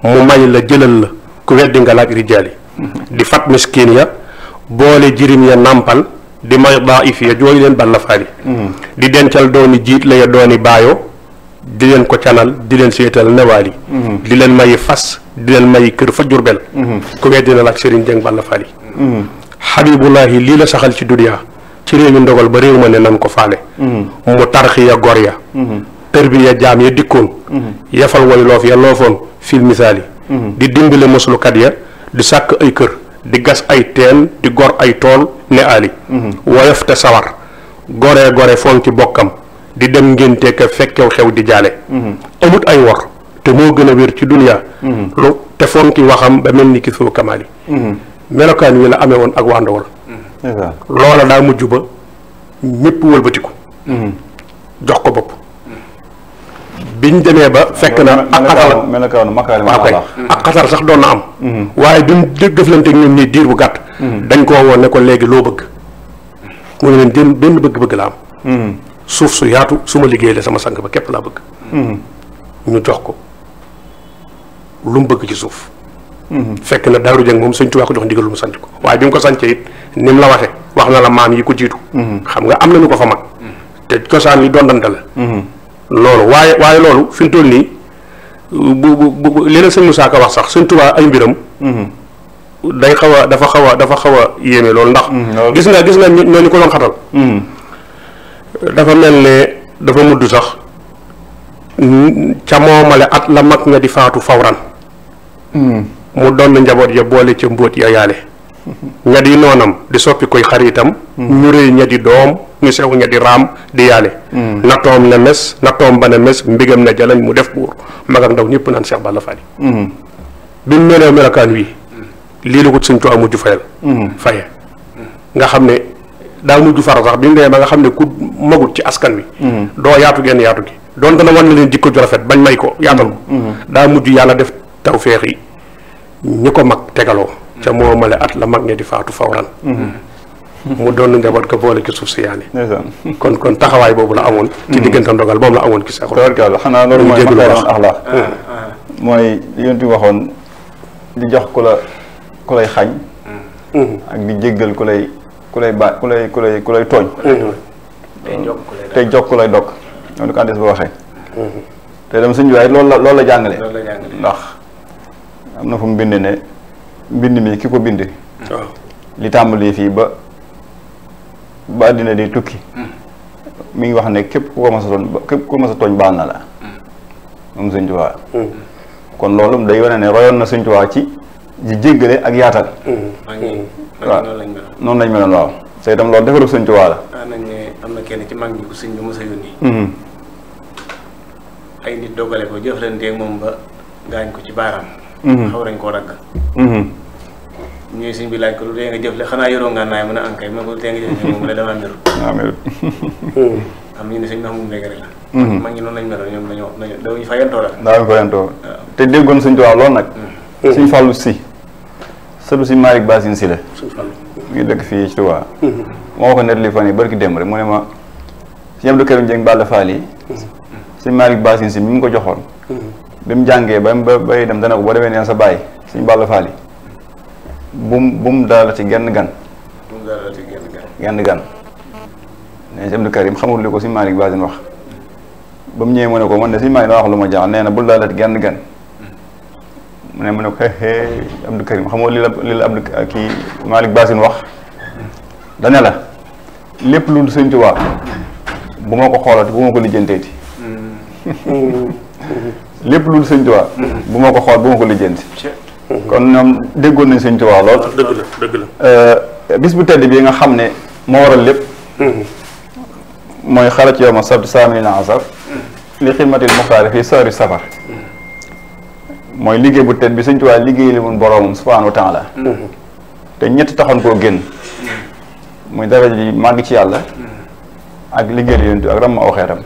mu may la jëlal la ku weddi nga laaj rijaali mhm. di fat miskin ya boole jirim ya nàmpal di may daif ya jooy leen balla mhm. di dencal dooni jiit la ya dooni baayo di leen ko canal di leen seetal newaali di leen mayi fas di leen mayi kër fa jurbel ku weddi na laaj sëriñ jëng balla xabibullahi lii la saxal ci duniyaa ci réew mi ndogal ba réew ma ne nan ko faale mm-hmm. mu tarxiya gor ya mm-hmm. tërbiya jaam ya dikkoon mm-hmm. yafal way loof ya loofoon fil misaali di dimbale moslukat ya di sàkk ay kër di gas ay teen di gor ay tool ne ali woyof te sawar gore gore foon bokkam di dem ngénte ka fekkew xew di jaale amut ay wor te moo gën a wér ci duniyaa lu te foon waxam ba mel ni ki kamaali melokaan wi la amee woon ak waa Ndawal. loola daal mujj ba ñëpp wëlbatiku. Mm-hmm. jox ko bopp. ñu demee ba fekk na ak xatar melokaanu waaw ah, kay ak xatar sax doon na am. Mm-hmm. waaye duñ jëflanteeg ñoom nii diir bu gàtt. Mm-hmm. dañ koo woon ne ko léegi loo bëgg. mu ne leen benn benn bëgg-bëgg la am. suuf su yaatu suma liggéey la sama sang ba képp laa bëgg. ñu jox ko lu mu bëgg ci suuf. fekk na Daaru Jëng moom sëñ Tuubaa ko jox ndigal mu sanc ko waaye bi mu ko sancee it ni la waxe wax na la maam yi ko jiitu xam nga am na ñu ko fa mag te cosaan li dondante la loolu waaye waaye loolu fi mu toll nii bu bu bu léeg-léeg sëñ wax sax sëñ Tuubaa ay mbiram day xaw a dafa xaw a dafa xaw a yéeme loolu ndax mm, gis nga gis nga ñooñu ko doon xatal mm. dafa mel ne dafa mudd sax ca moomale at la mag nga di faatu fawran mm. mu doon njaboot ya boole ca mbóot ya yaale ña di noonam di soppi koy xaritam ñu rëy ña di doom ñu sew ña di raam di yaale mm. nattoom na mes natoom ba na mes mbigam na jalañ mu def buur mag ak ndaw ñëpp naan Cheikh Balla Fally mm. bi melokaan wii lii la ko mujj fayal mm. faye nga xam ne daa mujj fara sax bi mu dee ba nga xam ne ku magut ci askan wi doo yaatu genn yaatu gi doon a wan na leen jikko ju rafet bañ may ko yaatal ko daa mujj yàlla def tawfeex yi ñi ko mag tegaloo ca moomale at la mag ñi di faatu fawran mm-hmm. mu doon njaboot ko boole ci suuf si yaani kon kon taxawaay boobu la amoon ci mm-hmm. diggante ndogal moom la amoon ci seexul tabarkalla xanaa loolu mooy makaarimal axlaaq mm-hmm. mooy waxoon di jox ku la ku lay xañ ak di jéggal ku lay ku lay ba ku lay ku lay ku tooñ tey jox ku lay dog noonu ko àndees ba waxee te dama sëñ bi waaye la loolu la jàngale ndax am na fu mu bind ne mbind mi ki ko bind li tàmbalee fii ba ba àddina di tukki hmm. mi ngi wax ne képp ku ko mas tooñ képp ku mas a na la hmm. moom Sëñ Tuubaa hmm. kon loolu day wane ne royoon na Sëñ Tuubaa ci di jéggale ak yaatal waaw noonu lañ meloon waaw te itam loolu defaru Sëñ Tuubaa la nañ ne am na kenn ci mag ko sëñ ay nit dogale moom ba gaañ ko ci baaraam Mhm. xaw nañ koo dagg. Mhm. ñooy sëñ bi laaj ko lu dee nga jëfle xanaa yoroo nga naay mën a ah ankay ma ko lu dee nga jëfle moom la damaa mbiru. waaw [laughs] mbiru. xam hmm. ñu ne sëñ bi moom léegi rek la. Mhm. mag ñi noonu lañ ñoom dañoo dañoo fa yentoo la. daaw ñu fa yentoo te déggoon sëñ Tuubaa lool nag. Hmm. sëñ Fallou si. sëtu si Malick Basine si la. mu ngi hmm. rek mu ne ma sëñ Abdou Karim Dieng Balla Fall yi. sëñ Malick Basine si mi ngi ko joxoon. bi mu jàngee ba ba bay dem dana ko boo demee neen sa bàyyi suñ bàll faal yi bum bum dala ci genn gan. ci genn gan. genn gan nee si Abdou Karim xamul li ko suñu Malick Basin wax ba mu ñëwee mu ne ko man de suñu Malick lu ma jaaxal nee na bul dala genn gan mu ne mu ne ko li la li la Abdou kii wax dane la lépp lu dul Sëñ Tuubaa bu ma ko xoolati bu ma ko lijjanteeti. Mm. [laughs] lépp lu sëñ Tuubaa bu ma ko xool bu ma ko lijjanti kon ñoom déggoon nañ sëñ Tuubaa lool ah, dëgg la dëgg la euh, bis bu tedd bi nga xam ne moo waral lépp mooy xarat yow ma sabt saamil na asar li xidmatil muxtaari fii saari safar mooy liggéey bu tedd bi sëñ Tuubaa liggéey li mun boroomam subhaanahu wa te ñett taxoon koo génn muy dara ji màgg ci yàlla ak liggéey li yontu ak ram waxeetam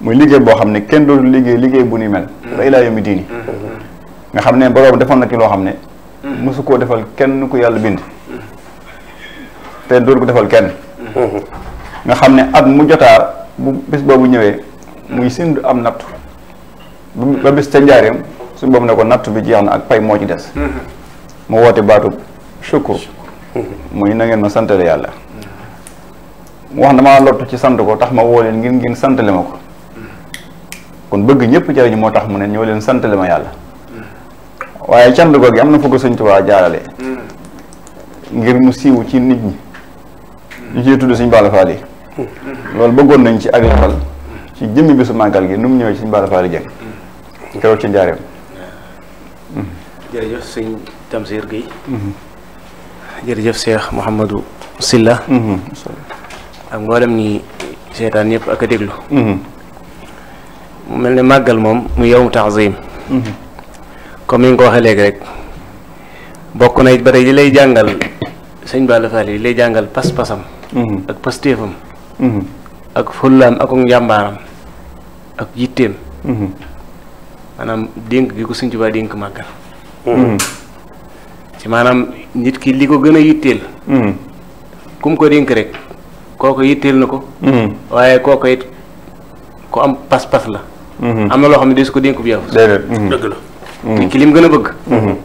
muy liggéey boo xam ne kenn dootu liggéey liggéey bu ni mel. Mm-hmm. ba ilaa yomi diini. Mm-hmm. nga xam ne borom defoon na ki loo xam ne. mosu mm-hmm. koo defal kenn ku yàlla bind. te dootu ko defal kenn. nga xam ne at mu jotaa bu bés boobu ñëwee. muy sindu am nattu. ba bés ca njaareem suñu boobu ne ko nattu bi jeex na ak pay moo ci des. mu woote baatub sukkur. muy na ma santale yàlla. mu na maa lottu ci sant ko tax ma woo leen ngir ngeen santale ma ko. kon bëgg ñëpp jariñu moo tax mu ne ñoo leen santale ma yàlla waaye cant googu am na fu ko sëñ Tuubaa jaarale ngir mu siiw ci nit ñi ñu ciy tudd suñu Balla Fally loolu bëggoon nañ ci ak lafal ci jëmmi su màggal gi nu mu ñëwee ci suñu Balla Fally jëng keroog ci njaareem jërëjëf sëñ Tamsir Guèye mhm. jërëjëf Cheikh Mouhamadou Silla mhm. ak mboolem ñi seetaan ñëpp ak a déglu mhm. mu mel ne màggal moom mu yowmu taxzim mhm. comme ni nga ko waxee léegi rek bokk na it ba tey li lay jàngal sëñ Balla Fall yi lay jàngal pas-pasam mhm. ak pastéefam mhm. ak fullaam ak njàmbaaram ak yitteem maanaam dénk gi ko sëñ Tuubaa dénk màggal ci maanaam nit ki li ko gën a yitteel kum ko dénk rek kooku yitteel na ko waaye kooku it ku am pas-pas la Mm-hmm. am na loo xam ne deesu ko dénk bi yàlla. dëgg la. Mm-hmm. nit ki lim gën a bëgg. Mm-hmm.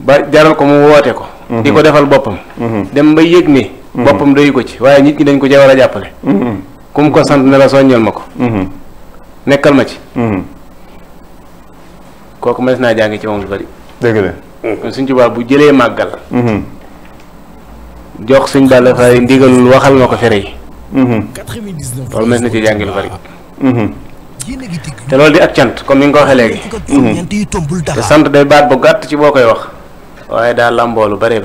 ba jaral ko mu woote ko. di ko defal boppam. dem ba yëg ne. boppam doyu ko ci waaye nit ñi dañ ko cee war a jàppale. ku mu ko sant ne la soññal ma ko. nekkal ma ci. kooku mënees naa jàngi ci moom lu bari. dëgg la kon suñ tubaab bu jëlee màggal. jox suñ bàll fay ndigalul waxal ma ko fere yi. loolu mënees na ci jàngi lu bari. te loolu di ak cant comme ni nga ko waxee léegi. Mm-hmm. te sant day baat bu gàtt ci boo koy wax. waaye daal làmboo lu bëree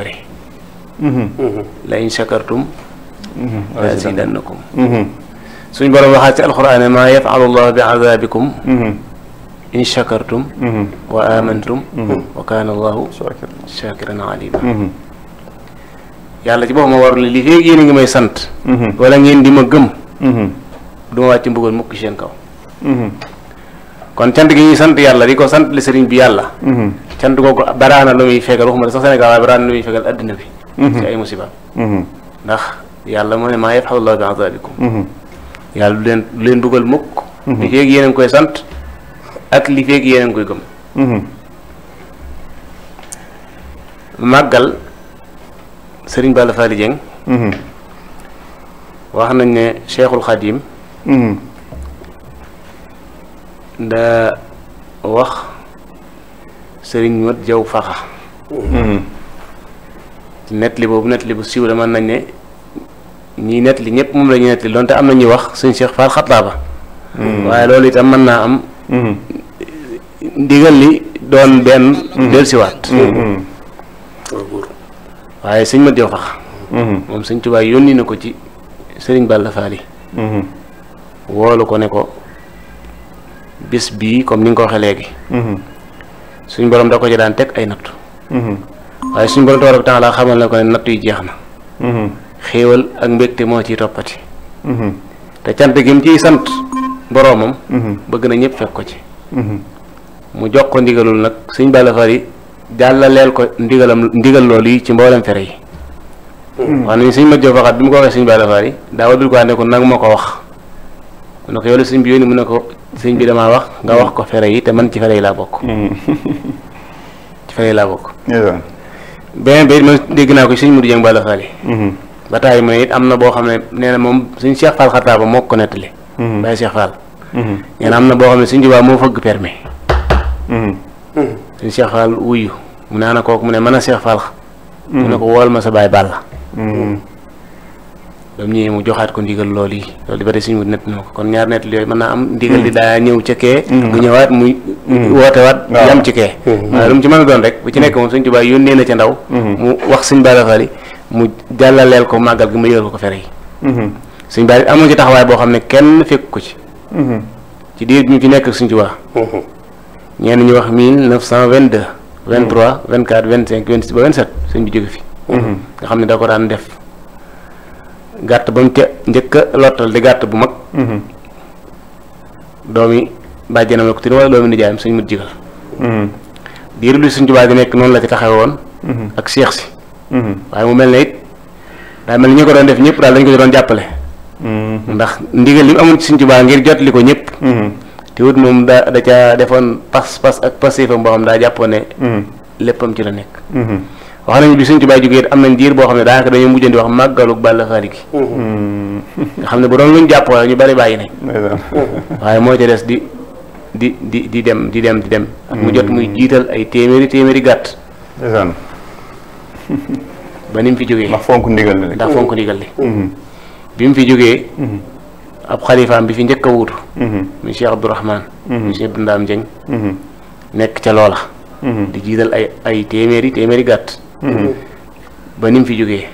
la in shakartum. la azidannakum. suñ borom waxaat ci alxuraan maa yafalu llahu bi azabikum. Mm-hmm. in shakartum. Mm-hmm. wa amantum. wa kaana allahu shakiran alima. yàlla ci boppam ma warul li léegi yéen a ngi may sant. wala ngeen di ma gëm. du wàcc mbugal mukk seen kaw. kon cant gi ñuy sant yàlla di ko sant li sëriñ bi yàlla mhm. cant googu baraana lu muy fekkal waxuma sax Sénégal waaye baraana lu muy fekkal addina bi mhm. ci ay musiba mhm. ndax yàlla moo ne maa yafalullahu bi azabikum a ngi koy sant ak li feeg yéen a koy gëm màggal sëriñ Balla Fally Dieng wax nañ ne Cheikhul Khadim daa wax sëriñ mat jaw faxa hmm. nettali boobu nettali bu siiw la mën nañ ne ñiy nettali ñëpp moom la ñuy nettali donte am na ñuy wax sëñ Cheikh Fall xatlaa ba hmm. waaye loolu itam mën naa am hmm. ndigal li doon benn dellusiwaat waaye sëñ mat jaw faxa moom sëñ Tuubaa yónni na ko ci sëriñ Balla Faali woolu ko ne ko bis bii comme ni nga ko waxee léegi. Mm-hmm. suñ borom da ko ci daan teg ay natt. Mm-hmm. waaye suñ borom tabaaraka taala xamal na ko ne natt yi jeex na. Mm-hmm. xéewal ak mbégte moo ciy toppati. te cant gi mu ciy sant boroomam. bëgg na ñëpp fekk ko ci. mu jox ko ndigalul nag suñ bala fari jàllaleel ko ndigalam ndigal loolu yi ci mboolem fere yi. wax nañ suñ ma jox faxat bi mu ko waxee suñ bala fari daa wadul ko ne ko nag moo ko wax. mu ne ko yow la sëñ bi yónni mu ne ko sëñ bi damaa wax nga wax ko fere yi te man ci fere yi laa bokk mm. [laughs] ci fere yi laa bokk beneen ba it man dégg naa ko sëñ Modou Dieng Balla Fally mm-hmm. ba mu ne it am na boo xam ne nee na moom sëñ Cheikh Fall xataa ba moo ko nettali mm-hmm. bàyyi Cheikh Fall mm-hmm. nee na am na boo xam ne sëñ Jubaa moo fëgg permis sëñ Cheikh Fall wuyu mu ne ana kooku mu ne mën a Cheikh Fall mu ne ko wool ma sa baay Balla ba mu ñëwee mu joxaat ko ndigal lool yi loolu di ba tey suñu nett na ko kon ñaar nett yooyu mën naa am ndigal li mm. daa ñëw ca kee bu mm. ñëwaat muy mm. wootewaat yam ci kee waaw lu mu ci mën a doon rek bu ci nekk moom suñ tubaab yónnee na ca ndaw mu mm-hmm. mm-hmm. mm-hmm. wax mille neuf cent vingt deux vingt cinq vingt six suñ bi jóge fi nga xam ne da ko daan def gàtt ba mu ca njëkk a lottal di gàtt bu mag. Mm-hmm. doomi bàjjenam la ko tuddee wala doomi nijaayam suñ mut jigal. diiru li suñ tubaab di nekk noonu la ci taxawe woon. Mm-hmm. ak seex si. Mm-hmm. waaye mu mel ne it daa mel ni ñu ko doon def ñëpp daal dañ ko doon jàppale. ndax ndigal li mu amoon ci suñ tubaab ngir jot li ko ñëpp. te wut moom da da caa defoon pas pas ak pasifam boo xam daa jàppoon ne. léppam ci la nekk. wax nañu bi suñ tubaay jógee am nañ diir boo xam ne daanaka dañoo mujjandi wax màggalu Balla Xaali gi mm-hmm. nga xam ne bu doon luñ jàpp ñu bari bàyyi nañ mm-hmm. waaye mooy te des di di di dem di dem di dem mu jot muy mm-hmm. jiital ay téeméeri téeméeri gàtt [laughs] ba ni mu fi jógee ndax fonk ndigal fi jógee ab xalifaam njëkk wuutu nekk ca loola di ay ay téeméeri téeméeri gàtt ba ni fi jógee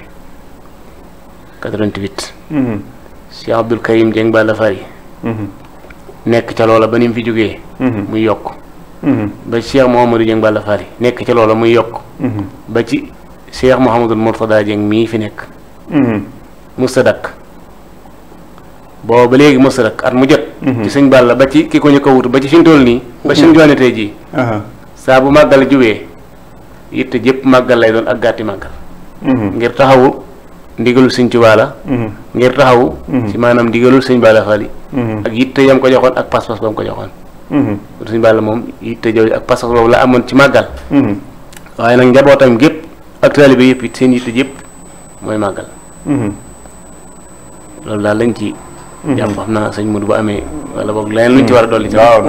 88. Cheikh Abdoul Karim Dieng Balla Fari. Mm-hmm. nekk ca loola ba ni fi jógee. Mm-hmm. muy yokk. Mm-hmm. ba Cheikh Mouhamadou Dieng Balla Fari nekk ca loola muy yokk. ba ci Cheikh Mouhamadou Mourtada Dieng mii fi nekk. musta dakk booba ba léegi musta dakk at mu jot. ci sëñ Balla ba ci ki ko ñu wut ba ci fi nii. ba suñ joonee tey jii. saa bu màggal jubee. yitte jëpp màggal lay doon ak gàtti màggal mhm. ngir taxawu ndigalul sëñ Tuubaa la mhm. ngir taxawu mhm. ci maanaam ndigalul sëñ Balla Fally ak yitte yam ko joxoon ak pas-pas ba mu ko joxoon sëñ Balla moom yitte jooju ak pas-pas boobu la amoon ci màggal waaye nag njabootam gépp ak taalibe yëpp it seen yitte jëpp mooy màggal loolu daal lañ ci jàpp xam naa sëñ Modou bu amee wala boog leneen luñ ci war a dolli ci waaw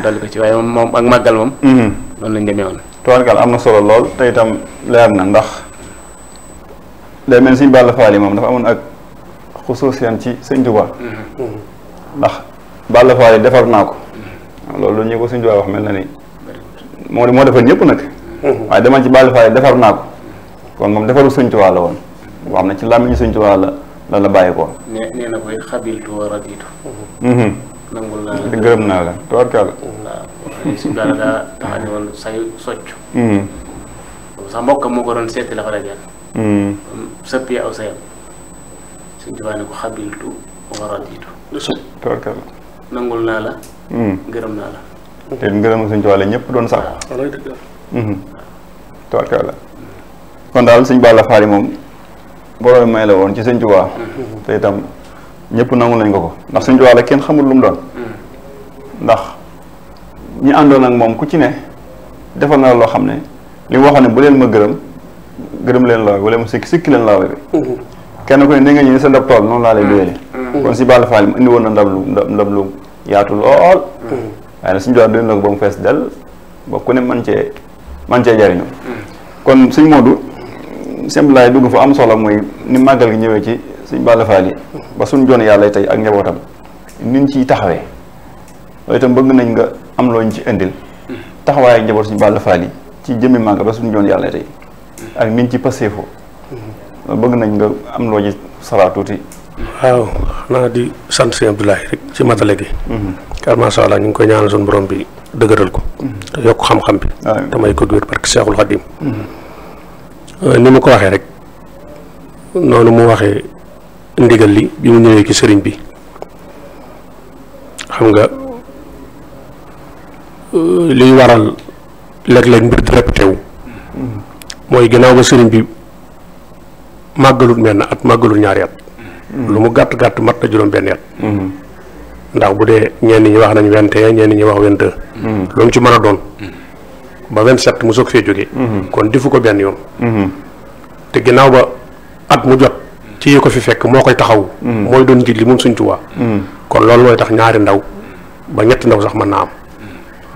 dolli ko ci moom ak màggal moom loolu lañ demee woon tubaarkaal am na solo lool te itam leer na ndax day mel sëñ Balla Fall yi moom dafa amoon ak seen ci sëñ Tuubaa mm-hmm. ndax Balla Fall yi defar naa ko loolu ñu ko sëñ Tuubaa wax mel na ni moo moo defar ñëpp nag mm-hmm. waaye demal ci Balla Fall yi defar naa ko kon moom defaru sëñ Tuubaa la woon boo xam ne ci làmmiñu sëñ Tuubaa la la bàyyi ko nee nee na mm-hmm. naa la gërëm naa suñu daal daa taxaw ne sayu socc. Mm. boobu sax mbokkam moo ko doon seeti la fa la mm. jël. sëpp aw sayam suñu tubaab ne ko xabiltu warat yitu. nangul naa la. Mm. gërëm naa la. te gërëm doon sax. Mm-hmm. tubaarkalla kon daal sëñ Balla Fally moom borom may la woon ci sëñ Tuubaa mm-hmm. te itam ñëpp nangu nañ ko ko ndax sëñ Tuubaa la kenn xamul lu mu doon ndax ñu àndoon ak moom ku ci ne defal na loo xam ne li mu waxoon ne bu leen ma gërëm gërëm leen looy wala mu sikki sikki leen looy bi mhm. kenn ku ne ni nga ñu sa ndab tool laa lay mhm. Mhm. si Balla Fall woon na ndab lu ndab lu yaatu lool waaye nag suñu doon duy na man cee man cee jariñu suñ Moodu simple laay dugg am solo mooy ni màggal gi ñëwee ci suñ Balla yi ba suñ joon yàlla tey ak njabootam niñ ciy taxawee loolu itam bëgg nañ nga am loo ñu ci indil taxawaaye njaboot suñu Balla Fall yi ci jëmmi màggal ba suñu joon yàlla tey ak nin ci paseefoo loolu bëgg nañ nga am loo ji sara tuuti waaw di sant sëñ Abdoulaye rek ci matale gi car mm-hmm. masha Allah ñu ngi koy ñaanal suñu borom bi dëgëral ko mm-hmm. te yokk bi te may ko wér mm-hmm. euh, ni mu ko waxee rek noonu mu waxee ndigal li ci sëriñ bi xam nga Euh, liy waral léeg-léeg mbir di répété wu mooy ginnaaw ba sëriñ bi màggalut benn at màggalut ñaari at lu mu gàtt gàtt mat na juróom benn at ndax bu dee ñenn ñi wax nañ vingt et un ñi wax vingt deux mu ci mën a doon ba vingt sept mu soog fee jógee kon difu ko benn yoon te ginnaaw ba at mu jot ci yi ko fi fekk moo koy taxaw mooy doon njiit li moom suñ tuwaa kon loolu mooy tax ñaari ndaw ba ñetti ndaw sax mën naa am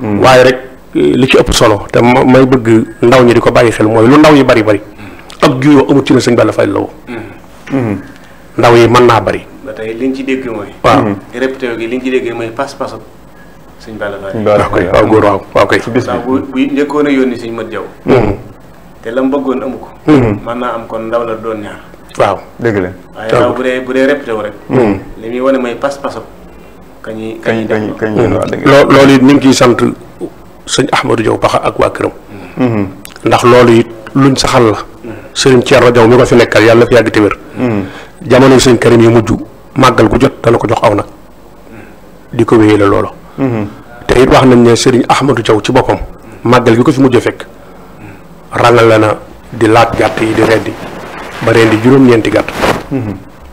waaye rek eh, li ci ëpp solo te ma may bëgg ndaw ñi di ko bàyyi xel mooy lu ndaw yi bari bari ak juyoo amul ci ne sëñ Balla Fay la woo mm-hmm. ndaw yi man naa bari ba tey liñ ci dégg mooy waaw mm-hmm. réputé gi liñ ci dégg mooy pas-pas sëñ Balla Fay waaw ah, ah, góor waaw waaw ah, kay bu bu njëkkoon a yónni sëñ Mat Jaw mm-hmm. te la mu bëggoon amu ko mën naa am kon ndaw la doon ñaar waaw dëgg la waaye ndaw bu dee bu dee réputé rek li muy wane mooy pas-pasam kañ kañ kañ loo loolu it ñu ngi ciy sant sëñ Ahmadou Diaw Baxa ak waa këram. Mm-hmm. ndax loolu it luñ saxal la. Mm-hmm. sëriñ Thierno Diaw mi ko fi nekkal yàlla fi yàgg te mm-hmm. jamono sëñ Karim yi mujj màggal gu jot dana ko jox aw nag di ko wéyale loolu. te it wax nañ ne sëriñ Ahmadou Diaw ci boppam màggal gi ko fi mujj fekk rangal la na di laaj gàtt yi di reddi ba rendi juróom-ñeenti gàtt.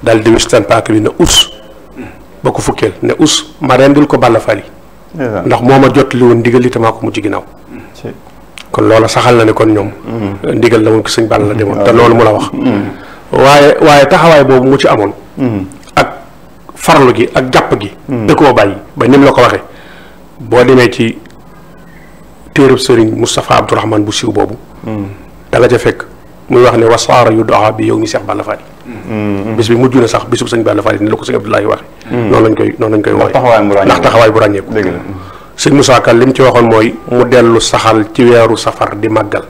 daal di wis seen bi na us ba ko fukkeel ne us ma rendil ko Balla Fally ndax moo ma jot li woon ndigal li tamaa ko mu ci ginnaaw kon loola saxal na ne kon ñoom mm-hmm. ndigal la woon ko sëñ Balla la demoon mm-hmm. te loolu mu la wax mm-hmm. waaye waaye taxawaay boobu mu ci amoon ak farlu gi ak jàpp gi da koo bàyyi ba nim la ko waxee boo demee ci téereb sëriñ Moustapha Abdourahmane bu siiw boobu da nga ca fekk muy wax ne wasaara yu doxa bi yow mi Cheikh Balla Fally bis bi mujj na sax bisub sañ Balla Fally ni la ko sëñ Abdoulaye waxe lañ koy noonu lañ koy wooye ndax taxawaay bu ràññeeku sëñ Moussa Ka li mu ci waxoon mooy mu dellu saxal ci weeru safar di màggal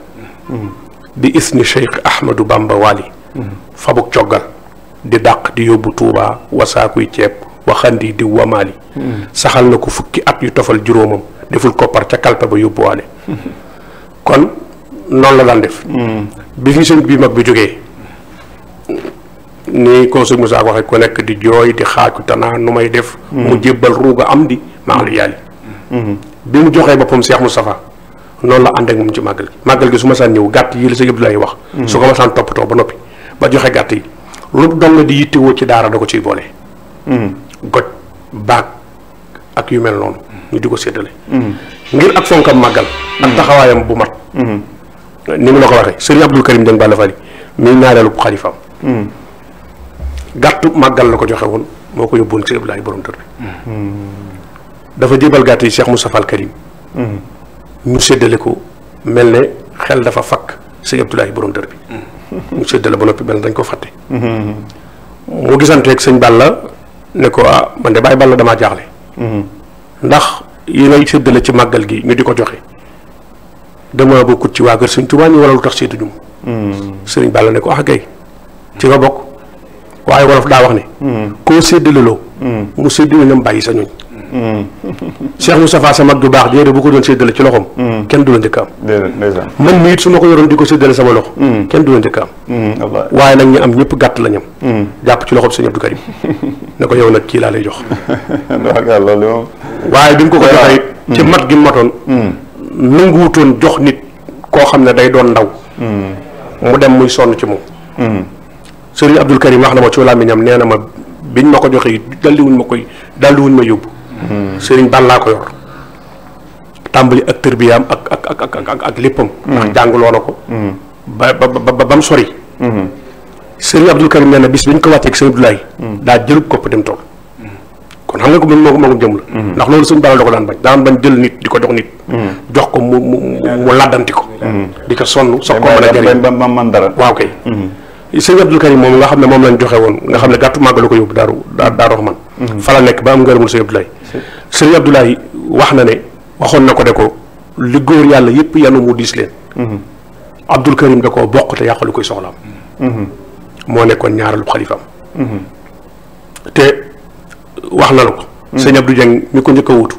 bi isni Cheikh Ahmadou Bamba Wali fabuk coggal di dàq di yóbbu Touba wasaakuy ceeb waxandi di wamaali saxal na ko fukki at yu tofal juróomam deful koppar ca kalpe ba yóbbuwaale kon noonu la daan def bi fi sëñ bi mag bi jógee ni ko sëñ Moussa waxee ku nekk di jooy di xaaju tanaa nu may def. Mm-hmm. mu jébbal ruuga am di maa ngi yàlla. bi mu joxee boppam Cheikh Moustapha noonu la ànd ak moom ci màggal gi màggal gi su ma saan ñëw gàtt yi la sëñ Abdoulaye wax. Mm-hmm. su ko ma saan toppatoo ba noppi ba joxe gàtt yi lu dong di yittewoo ci daara da ko ciy boole. Mm-hmm. goj baag ak yu mel noonu. ñu di ko séddale. ngir ak fonkam màggal. ak taxawaayam bu mat. ni mu la ko waxee sëriñ Abdul Karim Dieng Balla Fally mi ñaareelu xalifaam hmm. gàttu màggal la ko joxe woon moo ko yóbbuwoon ci Ibrahima borom tër bi hmm. dafa jébal gàtt yi Cheikh Moustapha Karim ñu hmm. séddale ko mel ne xel dafa fakk sëñ Abdoulaye borom dër bi mu séddale ba noppi mel dañ ko fàtte mu gisanteeg sëñ Balla ne ko ah man de bàyyi Balla damaa jaaxle ndax yi ngay séddale ci màggal gi ñu di ko joxe dama bokkut ci waa kër sëñ Tuubaa ñi wala lu tax seetuñu ma hmm. sëriñ Balla ne ko ax ah, gay ci nga bokk waaye wolof daa wax ne hmm. koo séddale loo hmm. mu séddale nam bàyyi sa ñoñ du [laughs] baax jee bu ko doon séddale ci loxoom kenn du la njëkk am man mi it su ko yoroon di ko séddale sama loxo kenn du la njëkk am waaye nag ñu am ñëpp gàtt la jàpp ci loxoom sëñ Abdou Karim [laughs] ne ko yow nag kii laa lay jox [laughs] waaye bi mu ko ko joxee ci mat gi matoon nanguwutoon jox nit koo xam ne day doon ndaw. Hmm. mu dem muy sonn ci moom. Hmm. sëriñ Abdul Karim wax na ma ci làmmiñam nee na ma biñ ma ko joxee daldiwuñ ma koy daldiwuñ ma yóbbu. Hmm. sëriñ ban laa ko yor tàmbali ak tërbiyaam ak ak ak ak ak léppam. ndax jàngloo ko. ba ba ba ba mu sori. sëriñ Abdul Karim nee na bis biñ ko wàccee ak sëriñ Abdoulaye. daa jëlub kopp dem tool. kon xam nga ko moom moom jëm la. Mhm. ndax loolu suñu baral da ko daan bañ daan bañ jël nit di ko jox nit. Mhm. jox ko mu mu mu laddanti ko. Mhm. di ko sonn soog ko mën a jëriñ ba man dara waaw kay. sëñ Abdul Karim moom nga xam ne moom lañ joxe woon nga xam ne gàttu màgg la ko yóbbu daaru daaru Rahman fa la nekk ba am ngërëmul sëñ Abdoulaye sëñ Abdoulaye wax na ne waxoon na ko de ko li góor yàlla yëpp yanu mu diis leen Abdul Karim da koo bokk te yàqalu koy soxlaam moo nekkoon ñaareelu xalifaam wax na la ko. sëñ Abdou jëng mi ko njëkk a wutu.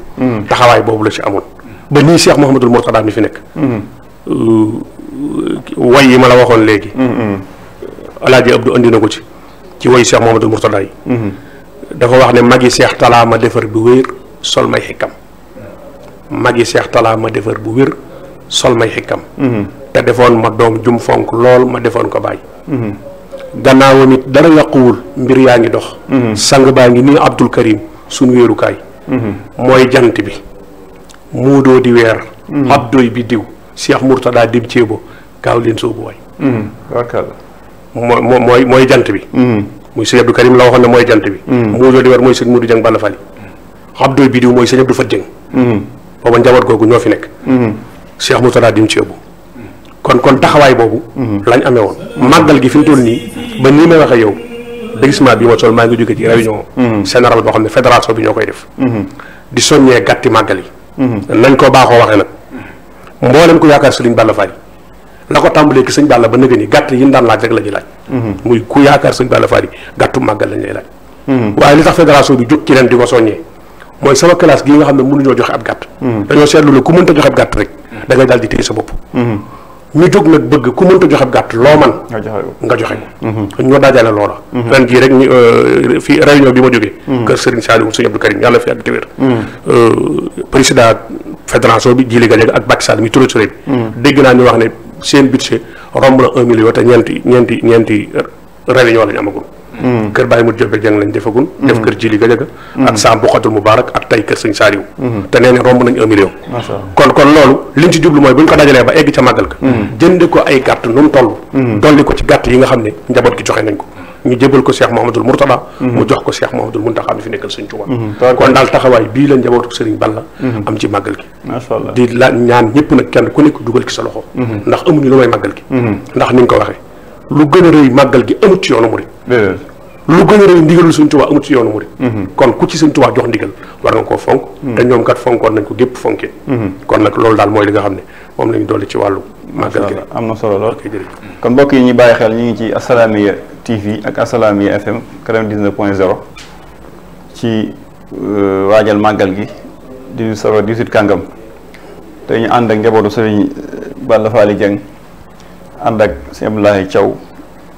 taxawaay boobu la ci amoon. ba nii Cheikh Mouhamadul Mourtada mi fi nekk. Euh, way yi ma la waxoon léegi. Alaaji Abdou indi na ko ci ci wayu Cheikh Mouhamadul Mourtada yi. dafa wax ne yi seex talaa ma defar bu wér sol may xikkam. magi seex Talla ma defar bu wér sol may xikkam. Mm-hmm. te defoon ma doom jum fonk lool ma defoon ko bàyyi. Mm-hmm. gannaawam it dara yàquwul mbir yaa ngi dox mm-hmm. sang baa ngi nii Abdul Karim suñu wéerukaay mm-hmm. mooy jant bi muudoo di weer mm-hmm. abdoy bi diw Cheikh Mourtada dem ceebo gaaw leen soobu moo moo mooy mooy jant bi muy sëñ la waxoon ne mooy jant bi muudoo di weer mooy sëñ Modou Dieng Balla mooy sëñ Abdou Fat Dieng booba njaboot ñoo fi nekk Cheikh Mourtada dem ceebo kon kon taxawaay boobu lañ amee màggal gi fi nii ba nii may wax yow déguisement bi ma sol maa ngi jóge ci réunion mm-hmm. générale boo xam ne fédération bi ñoo koy def mm-hmm. di soññee gàtti màggal yi mm-hmm. nañ ko baaxoo waxee nag mboolem ko yaakaar Serigne Balla Fall la ko ba nëgë ni gàtt yi ñu daan laaj rek la ñuy laaj muy ku yaakaar sëñ Balla Fall gàttu màggal lañ lay laaj waaye li tax fédération bi jóg ci leen di ko soññee mooy sama classe gii nga xam ne mënuñoo joxe ab gàtt dañoo seetlu ne ku mënta joxe ab gàtt rek da ngay di téye sa bopp ñu jóg nag bëgg ku mënta joxe gàtt loo man nga joxe ko mhm. ñoo daajale loola mhm. ren jii rek ñu euh, fii réunion bi ma jógee mhm. kër Serigne Saliou Serigne Abdou Karim yàlla fi ak téwéer euh, président fédération bi Djili Gadiaga ak Bakhsa mi trésorier bi dégg naa ñu wax ne seen budget romb na un million te ñeenti ñeenti ñeenti réunion la ñu amagul kër Baye Modou Diop jàng lañ defagun def kër Jili Gajaga ak saam bu xotul ak tay kër sëñ Saliou te nee romb nañ un kon kon loolu liñ jublu mooy bu ñu ko dajalee ba egg ca màggal ka mm. jënd ko ay gàtt nu mu toll mm. dolli ko ci gàtt yi nga xam ne njaboot gi joxe nañ ko ñu jébal ko Cheikh Mouhamadoul mm. mu jox ko Cheikh fi nekkal sëñ Tuubaa mm-hmm. kon daal taxawaay bii la njabootu Sëriñ Balla mm-hmm. am ci màggal gi di la ñaan ñëpp nag kenn ku nekk dugal ci sa loxo mm-hmm. ndax ko waxee lu gën a rëy màggal gi amut ci yoonu murit lu gën a rëy ndigalul suñ tubaa amut ci yoonu murit mhm. kon ku ci suñ tubaa jox ndigal war nga koo fonk mhm. te ñoom kat fonkoon nañ ko gépp fonke mhm. kon nag loolu daal mooy li nga xam ne moom lañu dolli ci wàllu màggal gi am na solo lool kon mbokk yi ñu bàyyi xel ñu ngi ci Assalaamy TV ak Assalaamy FM 99 point 0 ci euh, waajal màggal gi di safar 18 kàngam te ñu ànd ak njabootu sëriñ Balla Faali Jeng ànd ak sëñ Abdoulaye Thiaw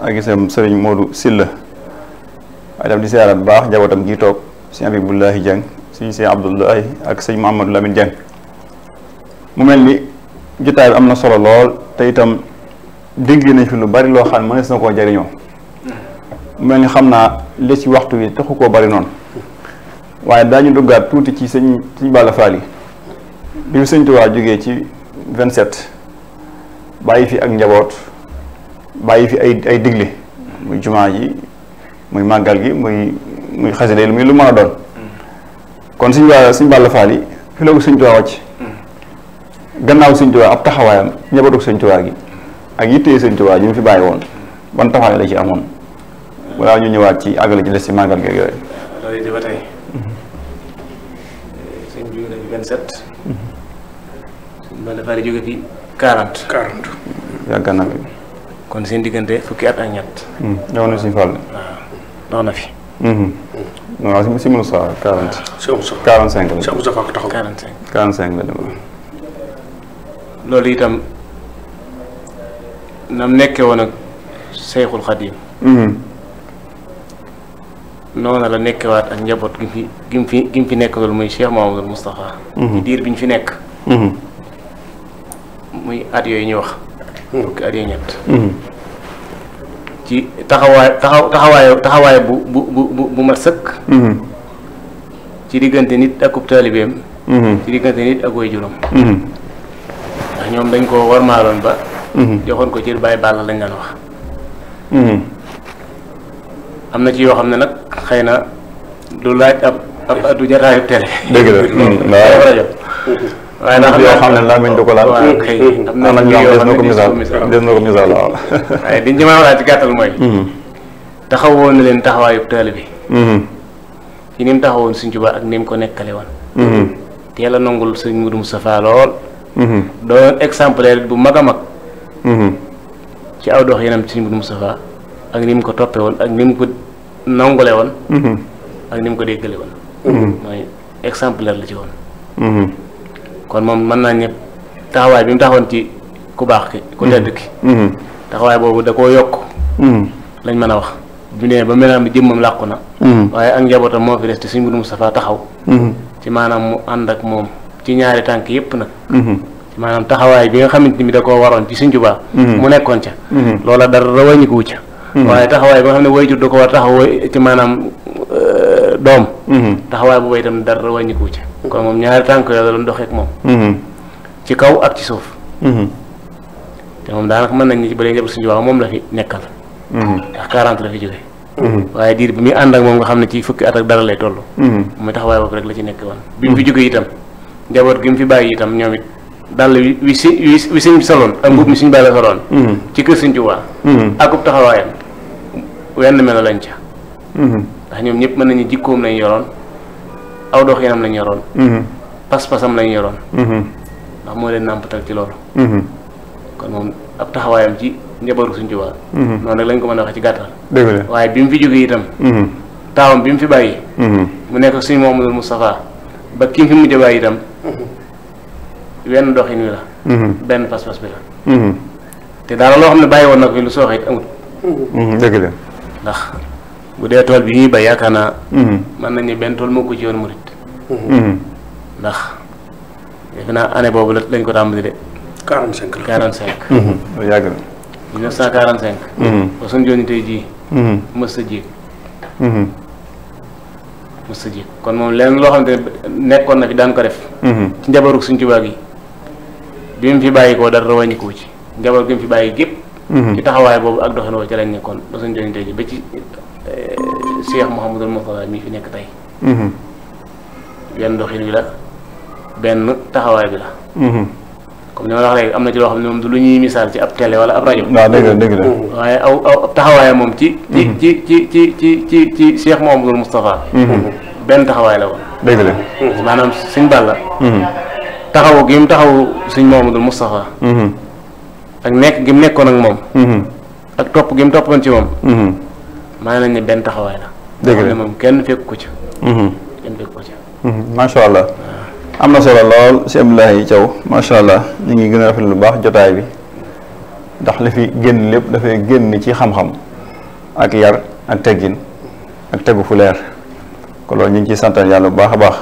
ak gisam sëriñ Modou Silla waaye tam di siyaaraat bu baax njabootam gi toog sëñ Abibullahi Dieng suñu sëñ Abdoulaye ak sëñ Mouhamadou Lamine Dieng mu mel ni jotaay bi am na solo lool te itam dégg nañ fi lu bari loo xam ne mënees na koo jariñoo mu mel ni xam naa li ci waxtu wi taxu koo bari noonu waaye daañu duggaat tuuti ci sëñ sëñ Balla Fall yi bi sëñ Tuubaa jógee ci 27 bàyyi fi ak njaboot bàyyi fi ay ay digle muy jumaa ji muy màggal gi muy muy xasida yi muy lu mën a doon kon suñ waa suñ Balla Fall yi fi la ko suñ Tuubaa gannaaw suñ Tuubaa ab taxawaayam njabootu suñ Tuubaa gi ak yittee suñ Tuubaa ñu fi bàyyi woon ban taxawaay la ci amoon walla ñu ñëwaat ci àggale ci des ci màggal gi yooyu 40 40. yàgg na kon seen diggante fukki at ak ñett. Hmm. ñëw ah. waaw na fi. non hmm. hmm. si Moussa 40. loolu itam nam nekkee woon ak Seyxul Xadim. noonu la nekkewaat ak njaboot gi mu fi gi mu fi nekk loolu muy Cheikh Mamadou Moustapha. diir bi ñu fi nekk. muy at yooyu ñu wax. Hmm. fukki at yooyu ñett. Hmm. ci taxawaay taxaw taxawaay taxawaay bu bu bu bu mat sëkk. Hmm. ci diggante nit ak ub taalibeem. ci diggante nit ak way juróom. ndax ñoom dañ koo warmaaloon ba. joxoon ko ci bàyyi bàll lañ daan wax. am na ci yoo xam ne nag xëy na du laaj ab ab du jataayu télé. dëgg la [laughs] waaw [laughs] waaye nag ko na ñu yoo xam ne des na ko misaal des na ko misaal waaw. waaye li ñu mën a wax ci gàttal mooy. Mm-hmm. taxawoon na leen taxawaayu taalibe bi. Mm-hmm. ci ni taxawoon Sëñ Tuubaa ak nim ko nekkale woon. Mm-hmm. teel a nangul Sëñ Mudu lool. doon exemplaire bu mag a mag. ci aw dox yenam Sëñ Mudu Mustafaa ak ni mu ko toppe ak ni ko nangule woon. ak ko déggale woon. mooy exemplaire la ci woon. kon moom mën naa ne taxawaay bi mu taxoon ci ku baax ki ku mm-hmm. tedd ki mm-hmm. taxawaay boobu da koo yokk mm-hmm. lañ mën a wax bu nee ba mel ni jëmmam làqu na waaye ak njabootam moo fi des te suñ bu Moustapha taxaw ci maanaam mu ànd ak moom ci ñaari tànk yépp nag maanaam taxawaay bi nga xamante ni da koo waroon ci Sëñ Tuubaa mu nekkoon ca loola dara wàññi ko ca waaye taxawaay bi nga xam ne wayjur da ko war taxaw ci maanaam doom. Mm-hmm. taxawaay boobu itam dara wàññiku ci. kon moom ñaari tànk yooyu la doon doxeek moom. Mm-hmm. ci kaw ak ci suuf. Mm-hmm. te moom daanaka mën nañu ba léegi suñu waaw moom la fi nekkal. ndax 40 la fi jógee. waaye diir bi muy ànd ak moom nga xam ci fukki at ak dara lay toll. la ci nekk woon. bi mu fi jógee itam njaboot gi mu fi bàyyi itam ñoom it dàll wi wi si wi suñ soloon ak mbubb mi suñ bàyyi la soloon. ci kër suñ ci waa. akub taxawaayam wenn melo lañ ca. ndax ñoom ñëpp mën nañu jikkoom lañ yoroon aw doxinam lañ yoroon. Mhm. pas-pasam lañ yoroon. Mhm. ndax moo leen nàmpatal ci loolu. Mhm. kon moom ab taxawaayam ci njabootu suñ tubaab. noonu rek lañ ko mën a waxee ci gàttal. dëgg la waaye bi mu fi jógee itam. taawam bi mu fi bàyyi. mu nekk suñu Mouhamadou Moustapha ba ki mu fi mujj bàyyi itam. wenn doxin wi la. benn pas-pas bi la. te daara loo xam ne bàyyi woon na fi lu sooxee amut. dëgg ndax. bu dee tool bi ñuy ba yaakaar naa. Mhm. mën nañu benn tool moo ko ci yoon murit. Mhm. Mhm. ndax defe naa année boobu la lañ ko tàmbali de. 45 la 45. loolu yàgg na. 1945. ba suñu jooju tey jii. mës a jéeg. mës a jéeg kon moom lenn loo xamante nekkoon na fi ko def. ci njabarug suñ tubaab yi bi mu fi bàyyi koo dara wàññi ko ci njabar gi mu fi bàyyi gépp ci taxawaay boobu ak doxin woo ci lañ nekkoon ba suñ jooju tey ba ci Eh, Cheikh Mouhamadul Moustapha mii fi nekk tey. Mhm. benn doxin bi la benn taxawaay bi la. Mhm. comme ni ma la wax léegi am na ci loo xam ne moom du lu ñuy misaal ci ab télé wala ab rajo. waaw dëgg la dëgg la. Mm-hmm. waaye aw aw ci. ci mhm. ci ci ci ci ci ci Cheikh Mouhamadul Moustapha. benn taxawaay la woon. dëgg la mm-hmm. maanaam suñ Balla. taxawu gi mu taxawu suñ Mouhamadul Moustapha. ak nekk gi mu nekkoon ak moom. ak topp gi mu toppoon ci moom. maa nañ ne benn taxawaay la. dëgg moom kenn fekk ko ci. Mhm. kenn ko ci. Mhm. macha allah am na solo lool si Abdoulaye caw macha allah ñu ngi gën a rafetlu lu baax jotaay bi ndax li fi génn lépp dafay génn ci xam-xam ak yar ak teggin ak tegu fu leer loolu ñu ngi ciy santal yàlla bu baax a baax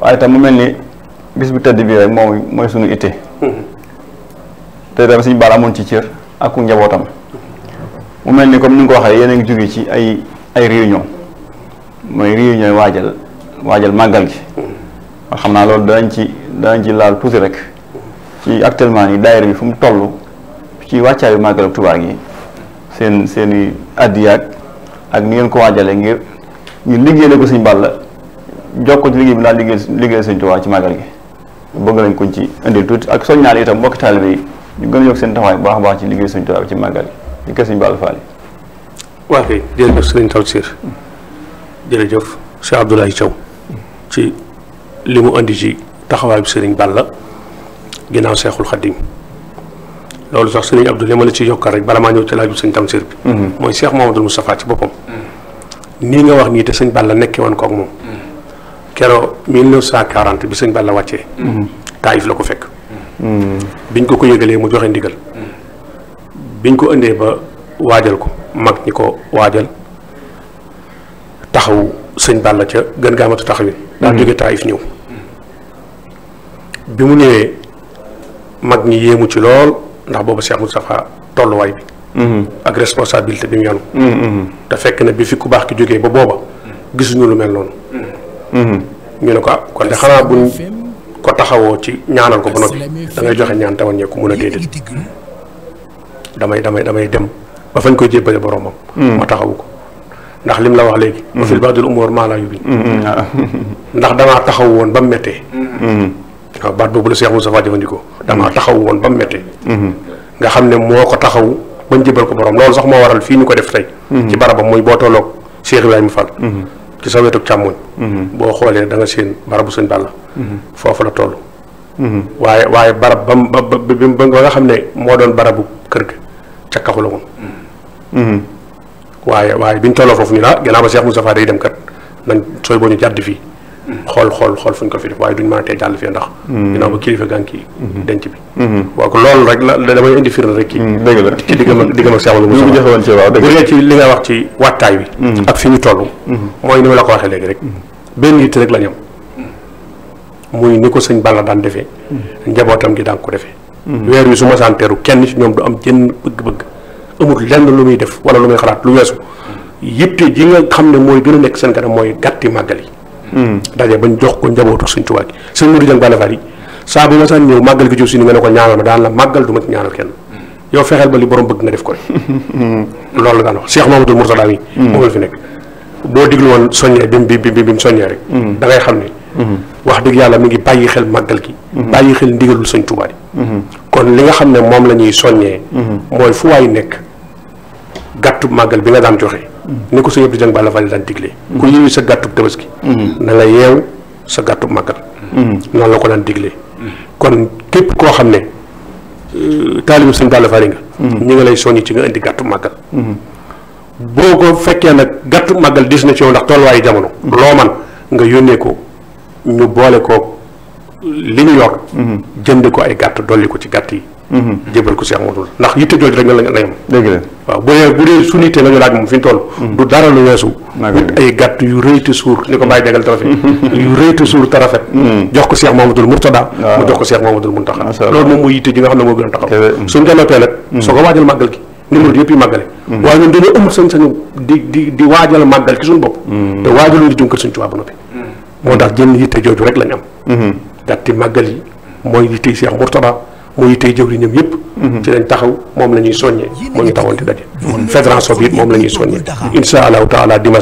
waaye tam mu mel ni bis bu tëdd bii rek moom mooy sunu itte. Mhm. te tamit suñu baal amoon ci cër ak ku njabootam. mu mel ni comme ni nga ko waxee yéen a ngi jóge ci ay ay réunion mooy réunion waajal waajal màggal gi xam naa loolu danañ ci danañ ci laal tuuti rek ci actuellement nii daayira bi fu mu toll ci wàccaayu màggal Tuubaa gi seen seen i addiyaak ak ni ngeen ko waajalee ngir ngir liggéeyal ko Sëñ Bàlla jox ko ci liggéey bi daal liggéey liggéeyal Sëñ ci màggal gi bëgg nañ ko ci indil tout ak soññaal itam mbokki taalibe yi ñu gën a yokk seen taxawaay bu baax baax ci liggéey Sëñ ci màggal gi ñu kër Sëñ Balla Fall waa kay jërëjëf sëriñ Tawsir jërëjëf ci li mu indi ji taxawaay bi sëriñ Balla ginnaaw Seexul Xaddim loolu sax sëriñ Abdou li ma la ci yokkal rek bala maa ñëw ci laaj bi sëñ bi mhm. mooy Cheikh Mouhamadoul Moustapha ci boppam nii nga wax nii te sëñ la nekkee woon kook moom mhm. kero 1940 bi sëñ Balla wàccee mhm. taayif la ko fekk biñ ko ko yëgalee mu joxe ndigal biñ ko indee ba waajal ko mag ñi ko waajal taxaw sëñ Balla ca gën gaamatu matu taxawin daa mm-hmm. jóge Taif ñëw bi mu ñëwee mag ñi yéemu ci lool ndax boobu Cheikh Moustapha tolluwaay bi mm-hmm. ak responsabilité bi mu yanu mm-hmm. te fekk na bi fi ku baax ki jógee ba booba gisuñu lu mel noonu ñu ne ko ah kon de xanaa buñ ko taxawoo ci ñaanal ko ba noppi da ngay joxe ñaan tawaññeeku mun a déedéet damay damay damay dem ba fañ koy jébbale boromam. Hmm. ma taxawu ko ndax lim la wax léegi. ba fil hmm. baadil maa hmm, ndax damaa taxaw woon ba mu méttee. waaw baat boobu la Cheikh Moustapha jëfandikoo damaa taxaw woon ba mu méttee. nga xam ne moo ko taxaw bañ jébbal ko borom loolu sax moo waral fii ñu ko def tey. ci barabam muy boo tolloog Cheikh Ibrahima Fall. ci sa wetu càmmoñ. boo xoolee danga nga seen barabu sëñ Balla. foofu la toll. waaye waaye barab ba mu ba ba nga xam ne moo doon barabu kër gi. ca kaxu la woon mm-hmm. waaye waaye biñ tolloo foofu ni la ah, gannaaw ba Cheikh Moustapha day dem kat nañ sooy boo ñu jàdd fii mm-hmm. xool xool xool fuñ ko fi def waaye duñ mën a tee jàll fii ndax mm-hmm. ginnaaw ba kilifa gànk yi denc bi waaw ko la damay indi firnde rek kii la ci diggam ak diggam ak Cheikh Moustapha bu joxe woon ci waaw bu dee li nga wax ci wattaay bi ak fi ñu toll mooy ni ma la ko waxee léegi rek benn yitte rek la ñam muy ni ko sëñ Balla daan defee njabootam gi daan ko defee Mm-hmm. weer wi su ma santeeru kenn ci ñoom du am jënn bëgg-bëgg amul lenn lu muy def wala lu muy xalaat lu weesu yitte ji nga xam ne mooy gën a nekk seen kanam mooy gàtti màggal yi mm-hmm. daje bañ jox ko njabootu suñ tubaab gi sëñ Modou Dieng Balla Fally saa bu ma saan ñëw màggal gi jub si ni nga ne ko ñaanal ma daan la màggal du ma ci ñaanal kenn mm-hmm. yow fexeel ba li borom bëgg nga def ko rek loolu la daan wax Cheikh Mamadou Mourtada mi moom la fi nekk boo diglu woon soññee bi mu bi bi mu soññee rek da ngay xam ne wax dëgg yàlla mi ngi bàyyi xel màggal gi mhm. bàyyi xel ndigalul sañ Tuubaa yi mhm. kon li nga xam ne moom la ñuy soññee mhm. mooy fu waay nekk gàttu màggal bi nga daan joxe ni ko sa yëpp di jëng bàlla fali sa gàttub tabaski na nga yeew sa gàttub màggal la ko daan diglee kon képp koo xam ne euh, taalibu sëñ bàlla fali nga lay soññ ci nga indi gàttub màggal boo ko fekkee nag gàttu màggal dis na ci yow ndax tolluwaayu jamono loo man nga yónnee ko ñu boole ko li ñu yor. Mhm. jënd ko ay gàtt dolli ko ci gàtt yi. Mhm. jébal ko Cheikh Modou ndax yitte jooju rek la la yem. dëgg la waaw bu dee bu dee suñu yitte la ñu laaj moom fi ñu toll. Mhm. du dara lu weesu. wut ay gàtt yu rëy te suur ni ko Baye jagal te rafet. yu rëy te suur te rafet. jox ko Cheikh Mamadou Mourtada. waaw mu jox ko Cheikh Mamadou Mountakha. macha allah loolu moom mooy yitte ji nga xam ne moo gën a taxaw. Eh, eh, suñu développé nag. soo ko waajal màggal gi. numéros yëpp yi màggale. waaye ñun dañoo amul sañ-sañu di di di waajal màggal ci suñu bopp. te waajaluñu jëm kër suñu tubaab ba noppi moo tax jënn yitte jooju rek lañ am mm-hmm. datti màggal yi mooy yittey Seex Murtada mooy yittey jëwri ñoom yëpp mm-hmm. moom la ñuy soññee moo ñu taxawoon di daje mm-hmm. fédération la ñuy soññee insha allahu taala ko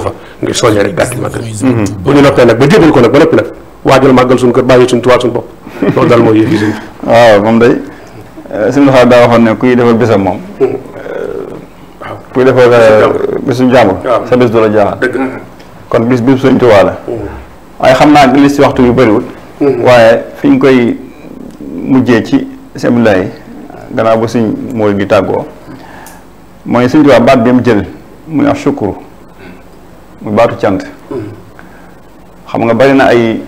fa ngir soññee rek datti màggal bu ñu noppee nag ba ba noppi nag waajal daal mooy yëf yi [laughs] waaw moom day eh, suñu daa waxoon ne kuy defal bésam moom kuy defal bisu jàmm sa bis du la jaaxal kon bis bi Sëñ Tuubaa la mm. waaye xam naa li si waxtu yu bëriwul mm. waaye fi ñu koy mujjee ci sembilaay yi gannaaw bu Sëñ mooy di tàggoo mooy Sëñ Tuubaa baat mu jël muy baatu cant mm. xam nga bari na ay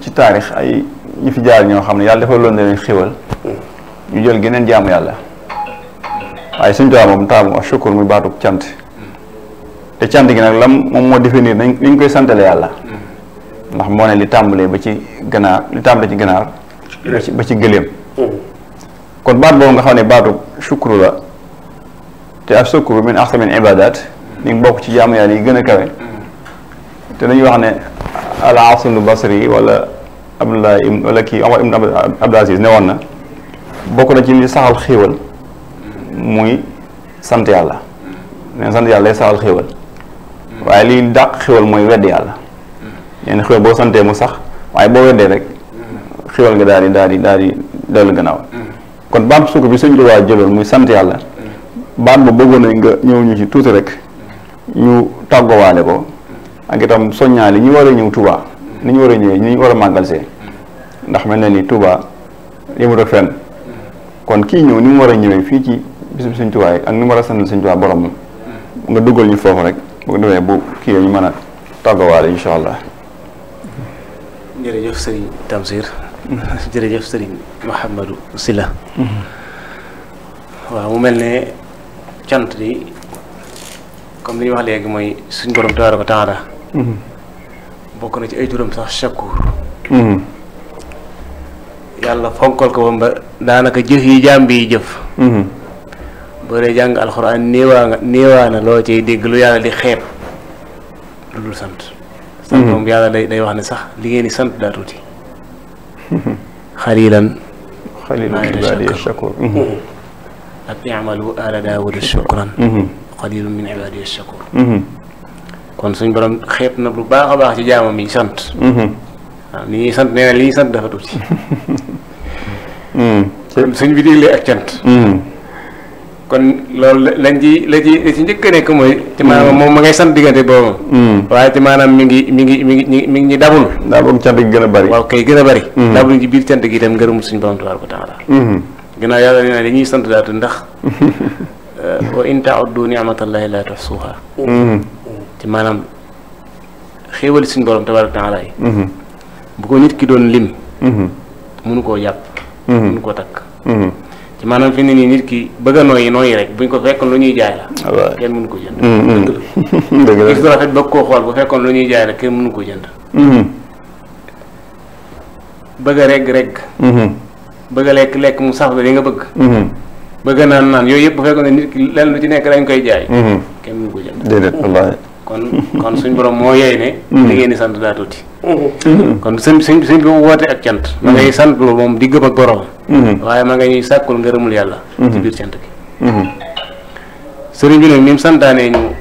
ci taarix ay ñu fi jaar ñoo xam ne yàlla dafa loon leen xiwal ñu jël geneen jaamu yàlla waaye suñ tuwaa moom taamu ak sukkur muy baatub cant te cant gi nag lam moom moo nii nañ ñu koy santale yàlla ndax moo ne li tàmbalee ba ci ganaar li tàmbalee ci ganaar ba ci gëléem kon baat boobu nga xam ne baatub sukkur la te ak sukkur min axsamin ibadat ñu ngi bokk ci jaamu yàlla yi gën a kawe te dañuy wax ne al asul basri wala abdullah wala kii omar ibn abdul aziz ne woon na bokk na ci li saxal xéewal muy sant yàlla neen sant yàlla day saxal xéwal waaye liy dàq xéwal mooy wedd yàlla neen xéwal boo santee mu sax waaye boo weddee rek xéwal nga daal di daal di daal di dellu gannaaw kon baat sukk bi sëñ Tuubaa jëloon muy sant yàlla baat ba bëggoon nañ nga ñëw ñu ci tuuti rek ñu tàggowaale ko ak itam soññaali ñi war a ñëw Tuubaa ni ñu war a ñëwee ni ñu war a màggal see ndax mel na ni Tuubaa yëmu rek fenn kon kii ñëw ni mu war a ñëwee fii ci bis bi tuwaay ak ni mu war a sant suñ tuwaay borom nga duggal ñu foofu rek bu ko defee bu kii ñu mën a tàggawaale incha allah. jërëjëf sëriñ Tamsir. jërëjëf sëriñ Mouhamadou Sylla. waaw mu mel ne cant yi comme li ñu wax léegi mooy suñ borom tabaaraka wa taala. bokk na ci ay turam sax chakour. yàlla fonkal ko ba daanaka jëf yi jaam bi jëf. boo dee jàng alxuraan néewaa nga loo ciy dégg lu yàlla di xeeb lu dul sant. Mhm. sant moom yàlla day day wax ne sax li ngeen di sant daa tuuti. [laughs] xalilan. xalilan ibaadiya shakur ak mhm. i'malu ala daawuda shukran mhm. qalilun min ibaadiya shakur kon suñ na lu baax a baax ci jaamam sant. waaw ah, li ñuy sant nee na dafa tuuti. [laughs] suñ bi déglee ak cant. kon loolu lañ ci la ci la njëkk a nekk mooy. ci maanaam mm. moom ma ngay sant diggante boobu. Mm. waaye ci maanaam mi ngi mi ngi mi ngi mi ngi dabul. dabul cant gi gën a bari. waaw kay gën a bari. Mm. dabul ci biir cant gi itam ngërëmu suñu borom tabaaraka wa taala. Mm-hmm. ginnaaw yàlla nee naa dañuy sant daal ndax. [laughs] Uh, wa in tauddu ni'matallahi laa tuhsuha. Mm-hmm. ci maanaam xéewali suñu borom tabaaraka wa taala yi. Mm-hmm. bu ko nit ki doon lim. mënu koo jàpp. mënu koo takk. maanaam fi ne nii nit ki bëgg a yi nooyi rek buñ ko fekkoon lu ñuy jaay la. waaw ah kenn mënu ko jënd. Mm-hmm. dëgg la gis nga rafet bëgg koo xool bu fekkoon lu ñuy jaay la kenn mënu ko jënd. Mm-hmm. bëgg a rek regg. Mm-hmm. bëgg a lekk lekk mu saf la li nga bëgg. bëgg naan naan yooyu yëpp bu fekkoon ne nit ki lenn lu ci nekk dañ koy jaay. kenn mënu ko jënd déedéet wallaahi. kon kon suñ borom moo yey ne. li ngeen di sant daa tuuti. Mm-hmm. kon suñ suñ suñ bi woote ak cant. ma ngay mm-hmm. sant lu moom di gëm ak borom. Mm-hmm. waaye ma nga ñuy sàkkul ngërëmul yàlla. ci biir cant bi. sëriñ bi nag ni mu santaanee ñu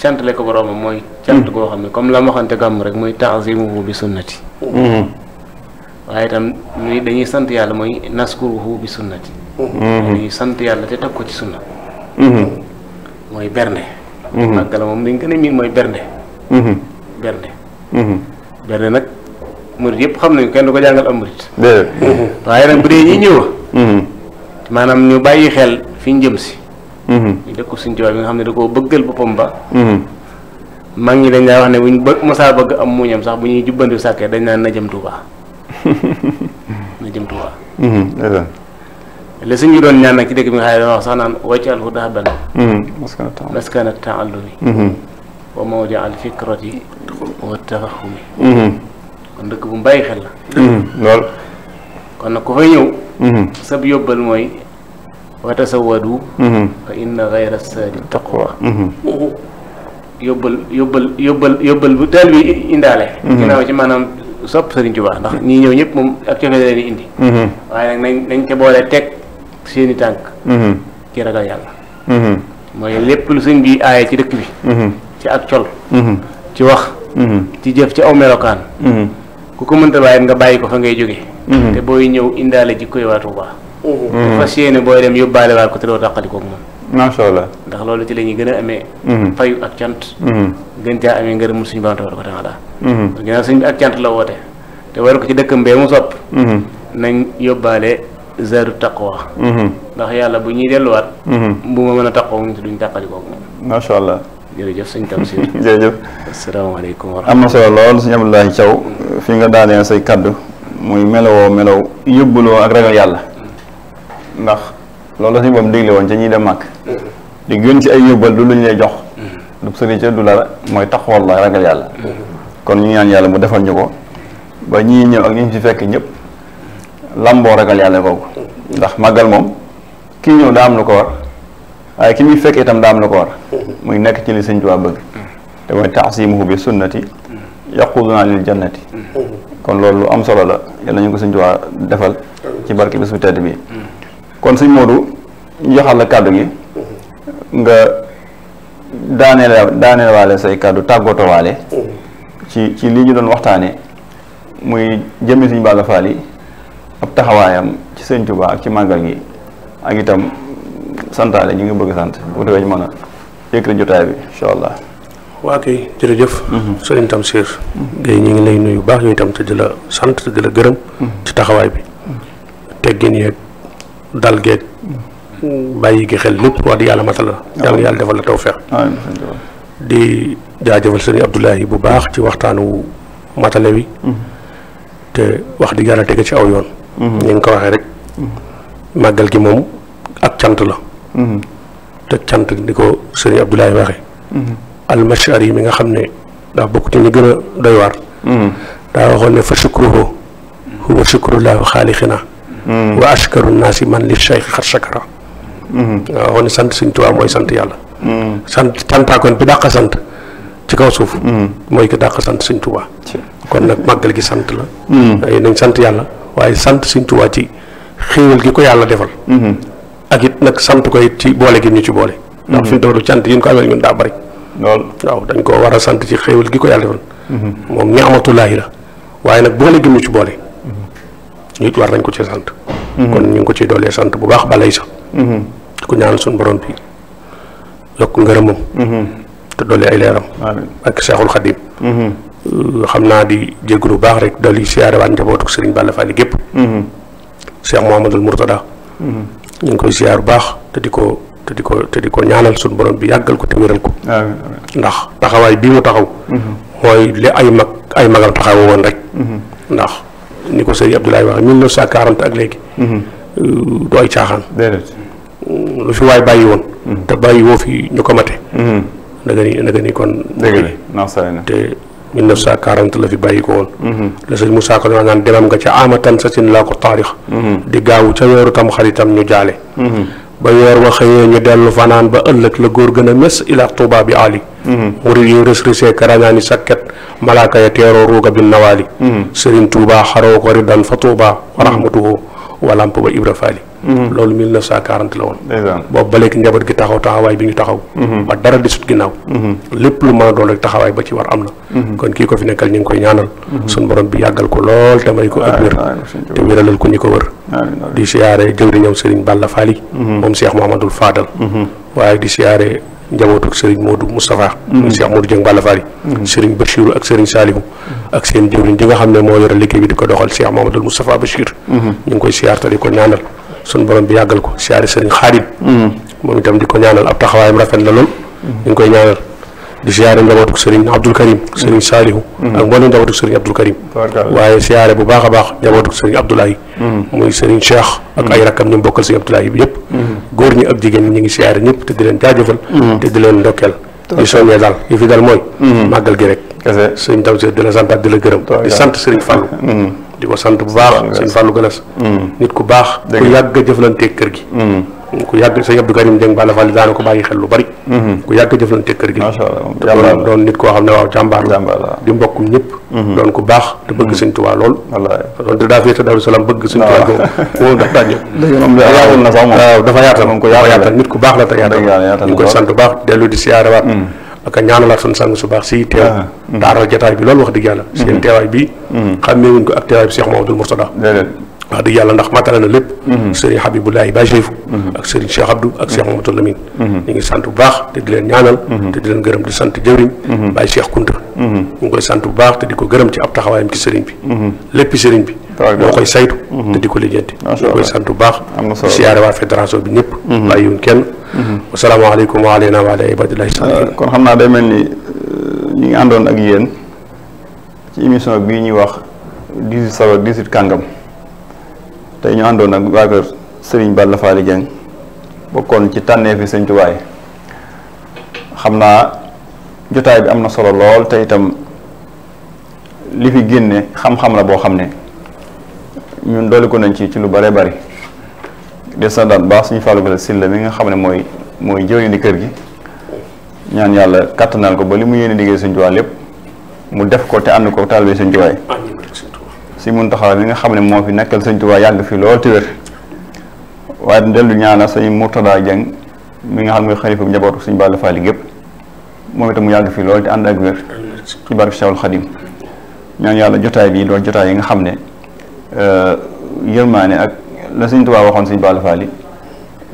cantale ko boromam mooy. cant koo xam ne comme la ma waxante gàmm rek mooy taxzimuhu bi sunnati. waaye itam ñuy dañuy sant yàlla mooy naskuruhu bi sunnati. dañuy sant yàlla te teg ko ci sunna. mooy bernde. màggal mm-hmm. moom dañ gën a miin mooy bernde mm-hmm. bernde mm-hmm. bernde nag murit yëpp xam nañ kenn du ko jàngal am murit waaye nag bu dee ñi ñëw maanaam ñu bàyyi xel fi njëm jëm si ñu dëkku suñ tubaab bi nga xam ne da koo bëggal boppam ba mag ñi dañ laa wax ne buñ bëgg mosaa bëgg am muñam sax bu ñuy jubbanti sàkkee dañ naan na jëm Tuubaa [laughs] na jëm Tuubaa li suñu doon ñaan nag ci dëkk bi nga xam ne dama wax sax naan wàcc alhu dahaban hmm, maskana taallumi hmm. wa mawdi al fikrati hmm. bu mu bàyyi la lool kon nag ku fay ñëw sab yóbbal mooy wa tasawadu fa inna gayra saadi taqwa yóbbal yóbbal yóbbal yóbbal bu teel bi indaale ginnaaw ci maanaam sopp Sëriñ Tuubaa ndax ñii ñëw ñëpp moom ak cofee leen di indi waaye nag nañ nañ ca boole teg seeni tànk mm-hmm. ci ragal yàlla mm-hmm. mooy lépp lu sëñ bi aaye ci dëkk bi mm-hmm. ci ak col ci wax ci jëf ci aw melokaan ku ko mënta bàyyi nga bàyyi ko fa ngay jóge te booy ñëw indaale jikkoy waa Tuuba te fas yéene booy dem yóbbaale waat ko te doo tàqali koog moom macha allah ndax loolu ci la ñuy gën a amee fayu ak cant gën caa amee ngërëm suñu borom tabaraka taala ginnaaw sëñ bi ak cant la woote te war ko ci dëkkam bee mu sopp nañ yóbbaale zaadu taqwa mhm. ndax yàlla bu ñuy delluwaat mhm. bu ma mën a taqoo mu duñ tàqali koog moom macha allah jërëjëf sëñ Tamsir [laughs] jërëjëf asalaamaaleykum am na solo lool sëñ Abdoulaye Thiaw fi nga daaneel say kàddu muy melowoo melow yóbbuloo ak ragal yàlla mm-hmm. ndax loolu suñu boobu dégle woon ca ñuy dem màkk mm-hmm. di gën ci ay yóbbal du luñ lay jox mm-hmm. du sëriñ ca du la mooy taxawal la ragal yàlla kon ñu ñaan yàlla mu defal ñu ko ba ñii ñëw ak ñi fi fekk ñëpp lamboo ragal yàlla googu ndax màggal moom kii ñëw daa am lu ko war waaye ki muy fekk itam daa am lu ko war muy nekk ci li sëñ Tuubaa bëgg te mooy taasimuhu bi sunnati naa lil jannati kon loolu lu am solo la yàlla ñu ko sëñ defal ci barke bis bu tedd bi kon sëñ Modou ñu joxal la kàddu gi nga daaneel say kàddu tàggooto waale ci ci li ñu doon waxtaane muy jëmmi sëñ Balla Fall yi taxawaayam ci sëñ Tuubaa ak ci màggal gi ak itam santaale ñu ngi bëgg sant bu defee ñu mën a yëkkati jotaay bi incha allah. waa kay jërëjëf. Mm-hmm. sëriñ Tamsir Gueye mm-hmm. ñu ngi lay nuyu baax yooyu tam te di la sant te di la gërëm. Mm-hmm. ci taxawaay bi. teggin yeeg dal geeg bàyyi gi xel lépp wax di yàlla matal la yàlla yàlla defal la tawfeex di jaajëfal sëriñ bu baax ci waxtaanu matale wi. te wax di yàlla tege ci aw yoon. ni nga ko waxee rek màggal gi moom ak cant la mm-hmm. te cant ni ko sëriñ Abdoulaye waxee mm-hmm. almashar yi mi nga xam ne ndax bokk ci ñu gën a doy waar mm-hmm. daa waxoon ne fa shukruhu huwa shukrullahi xaalixina wa ashkaru naasi man li cheikh xar shakara daa waxoon ne sant suñ tubaab mooy sant yàlla sant cantaakoon bi dàq sant ci kaw suuf mooy ki dàq sant suñ tubaab kon nag màggal gi sant la nañ sant yàlla waaye sant Sëriñ Tuubaa ci xéewal gi ko yàlla defal mm-hmm. ak it nag sant ko it ci boole gi ñu ci boole mm-hmm. ndax fi mu toll cant ko amee ñun daa bari lool waaw dañ ko war a sant ci xéewal gi ko yàlla defal mm-hmm. moom ñaamatulaahi la waaye nag boole gi ñu ci boole ñu it war nañ ko ci sant kon ñu ngi ko ci doolee sant bu baax balay sax ku ñaan suñu borom bi yokk ngërëmam te doolee ay leeram ak Seexul Xadiim Euh, xam naa di jégg lu baax rek dal yi siyaare waat njabootu sëriñ Balla Fally gépp mm-hmm. Cheikh Mouhamadul Mourtada mm-hmm. ñu koy siyaar baax te di ko te di ko ko ñaanal suñu borom bi yàggal ko te wéral ko ndax taxawaay bii mu taxaw mm-hmm. mooy li ay mag ay magam taxaw woon rek ndax ni ko sëriñ Abdoulaye wax mille neuf cent quarante ak léegi euh, du ay caaxaan lu fi waay bàyyi woon te bàyyi woo fi ñu ko mate naga ni naga ni kon te 1940 la fi bàyyi ko woon la sëñ Moussa Ka naan demam nga ca amatan sa sin laa ko taarix di gaawu ca weeru tam xaritam ñu jaale ba weer wa xëyee ñu dellu fanaan ba ëllëg la góor gën a mes ila Tuuba bi ali murid yi rës rësee karanaani sakket malaaka ya teeroo ruuga bi nawaali mm-hmm. sëriñ Tuuba xaroo ko ridan fa Tuuba wa rahmatuhu wa lamp ba Ibra Faali Mm-hmm. loolu 1940 la woon. boobu ba léegi njaboot gi taxaw taxawaay bi ñu taxaw. Mm-hmm. ba dara di sut ginnaaw. Mm-hmm. lépp lu mën a doon rek taxawaay ba ci war am na. kon kii ko fi nekkal ñu ngi koy ñaanal. suñu borom bi yàggal ko lool te may ko ak wér. te wéralal ko ñi ko wër. di siyaare jëwriñam Serigne Balla Fally. moom Cheikh Mouhamadul Fadal. waaye di siyaare njabootu Serigne Modou Moustapha. muy Cheikh Modou Dieng Balla Fally. Serigne Bachirou ak Serigne Salihu. ak seen jëwriñ ji nga xam ne moo yore liggéey bi di ko doxal Cheikh Mouhamadul Moustapha suñu borom bi yàggal ko siyaari sëriñ xaarit moom itam di ko ñaanal ab taxawaayam rafet la lool ñu ngi koy ñaanal di siyaare njabootu sëriñ Abdul Karim sëriñ Saalihu ak mboolem njabootu sëriñ Abdul waaye siyaare bu baax a baax njabootu sëriñ Abdoulaye muy sëriñ Cheikh ak ay rakkam ñu bokkal sëriñ Abdoulaye bi yëpp góor ñi ak jigéen ñi ñu ngi siyaare ñëpp te di leen jaajëfal te di leen ndokkeel di soññee daal yi fi dal mooy mm-hmm. màggal gi rek suñ tam di la santaat di la gërëm di sant sëriñ Fallou mm-hmm. di ko sant bu baax sëñ Fallou Galas mm. nit ku baax ku yàgg a jëflanteeg kër gi mm. ku yàgg sëñ Abdou Karim Dieng Balla Fall daana ko bàyyi xel lu bari mm-hmm. ku yàgg a jëflanteeg kër gi doon nit koo xam ne waaw jàmbaar la di mbokkum ñëpp mm-hmm. doon ku baax te bëgg mm-hmm. sëñ Tuubaa lool doon te daa féete Daaru Salaam bëgg sëñ Tuubaa boobu dafa yaatal waaw dafa yaatal moom ko yaatal nit ku baax la te yaatal ñu koy sant bu baax dellu di siyaare waat mm. ak a ñaanalaat suñu sang su baax si teew ah. taaral jataay bi loolu wax dëgg yàlla seen mhm. teewaay bi mhm. xàmmee wuñ ko ak teewaay bi Cheikh Mamadou Mourtada wax dëgg yàlla ndax matala na lépp mhm. sëriñ Habiboulaye Ba Jéefu mhm. ak sëriñ Cheikh Abdou ak Cheikh mhm. Mamadou ñu ngi sant bu baax te di leen ñaanal te di leen gërëm di sant jëwriñ Baye Cheikh Kunta ñu koy sant bu baax te di ko gërëm ci ab taxawaayam ci sëriñ bi léppi sëriñ bi moo koy saytu te di ko lijjanti ñu koy sant bu baax di siyaare waa fédération bi ñëpp bàyyiwuñ kenn asalaamaaleykum wa aleyna wa alaa ibadillahi euh, salihin kon xam naa day mel ni euh, ñu ngi àndoon ak yéen ci émission bii ñuy wax 18 tey ñu àndoon ak waa kër Serigne Balla Fally Dieng bokkoon ci tànnee fi sëñ xam naa jotaay bi am na solo lool te itam li fi génne xam-xam la boo xam ne ñun dooli ko nañ ci ci lu bare bari des na daan baax suñu fàllu gala silla mi nga xam ne mooy mooy jëriñu di kër gi ñaan yàlla kàttanal ko ba li mu yéene liggéey sëñ Tuubaa lépp mu def ko te ànd ko taalibe sëñ Tuubaa si Muntaxa mi nga xam ne moo fi nekkal sëñ Tuubaa yàgg fi lool te wér waaye dellu ñaana sëñ Murtada Jeng mi nga xam ne xalifa bu njabootu sëñ Balla gépp moom itam mu yàgg fi lool te ànd ak wér ci barke Cheikhul Khadim ñaan yàlla jotaay bi doon jotaay yi nga xam ne euh, yërmaane ak la sëñ waxoon sëñ Balla Faali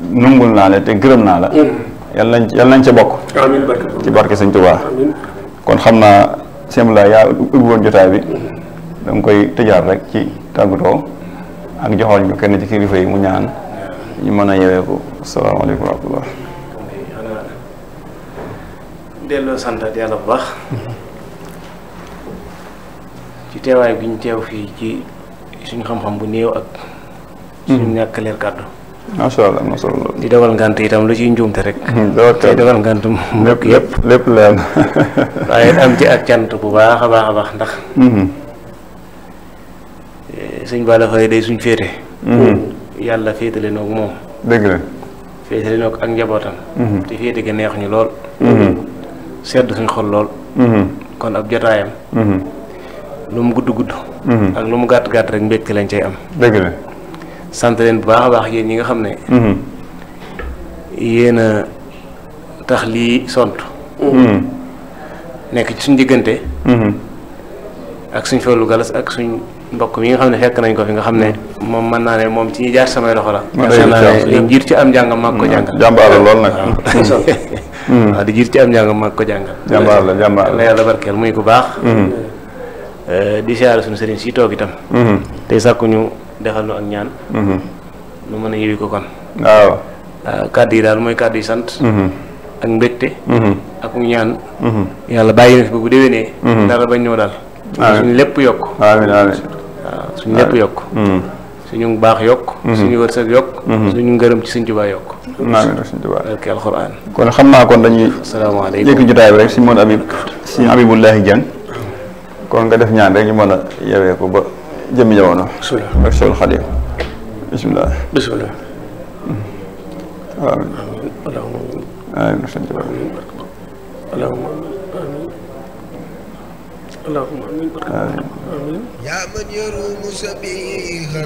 naa la te gërëm naa la yàlla nañ nañ ci barke sëñ Tuubaa kon xam naa sembla yaa jotaay bi mm-hmm. danga koy tëjaat rek ci tàggatoo ak joxal ñu kenn ci kilifa yi mu ñaan ñu mën a yewee ko asalaamaaleykum wa rahmatullah delloo santaat yàlla bu baax ci teewaay bi ñu teew fii ci suñu xam-xam bu néew ak suñu ñàkk leer kàddu macha allah macha allah di dawal ngant itam lu ciy njuumte rek tey [laughs] dawal ngant mbokk yépp lépp la [laughs] waaye am ci ak cant bu baax a baax a baax ndax mm-hmm. sëñ Balla Faye day suñ féete. Mhm. Mm. yàlla féetale noog moom. dëgg la. féetale noog ak njabootam. Mhm. te féete ga neex ñu lool. Mhm. sedd suñ xol lool. kon ab jotaayam. lu mu gudd gudd. ak lu mu gàtt gàtt rek mbégte lañ ca am. dëgg la. sant leen bu baax a baax yéen ñi nga xam ne. yéen a tax lii sont. nekk ci suñ diggante. ak suñ Fallou Galas ak suñ mbokk bi nga xam ne fekk nañ ko fi nga xam ne moom mën naa ne moom ci ñi jaar samay loxo la ah, di jiir ci am njàngam maa ko jàngal mm, jàmbaar la lool nag waaw [laughs] mm. di jiir ci am njàngam maa ko jàngal jàmbaar la jàmbaar la yàlla barkeel muy ku baax mm-hmm. euh, di siyaare suñu sëriñ si toog itam mm-hmm. tey sàkku ñu defal nu ak ñaan lu mm-hmm. mën a yiwi ko kon waaw euh, kàddu yi daal mooy kàddu yi sant ak mbégte ak ñaan yàlla bàyyi na fi bu déwénee dara bañ ñoo daal suñu lépp yokk waaw suñu lépp yokk mm-hmm. suñu baax yokk mm-hmm. suñu wërsëg yokk mm-hmm. ñu ngërëm ci Sëñ Tuubaa yokk amiin rek Sëñ Tuubaa xam naa kon dañuy asalaamaaleykum yëkk jotaay rek si moon Habib si Habibullahi Dieng kon nga def ñaan rek ñu mën a yewee ko ba jëmmi jamono ak sol xadim bismillah bismillah amiin amiin Sëñ Tuubaa اللهم امين امين يا من يروم سبيحا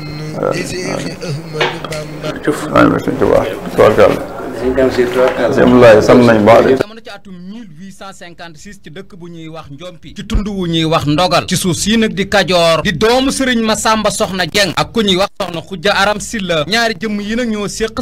لشيخ احمد ci dëkk bu ñuy wax njompi ci tund wu ñuy wax ndogal ci suuf sii nag di kajoor di doomu sëriñ Masamba soxna Jeng ak ku ñuy wax soxna xujja aram silla ñaari jëmm yi nag ñoo séq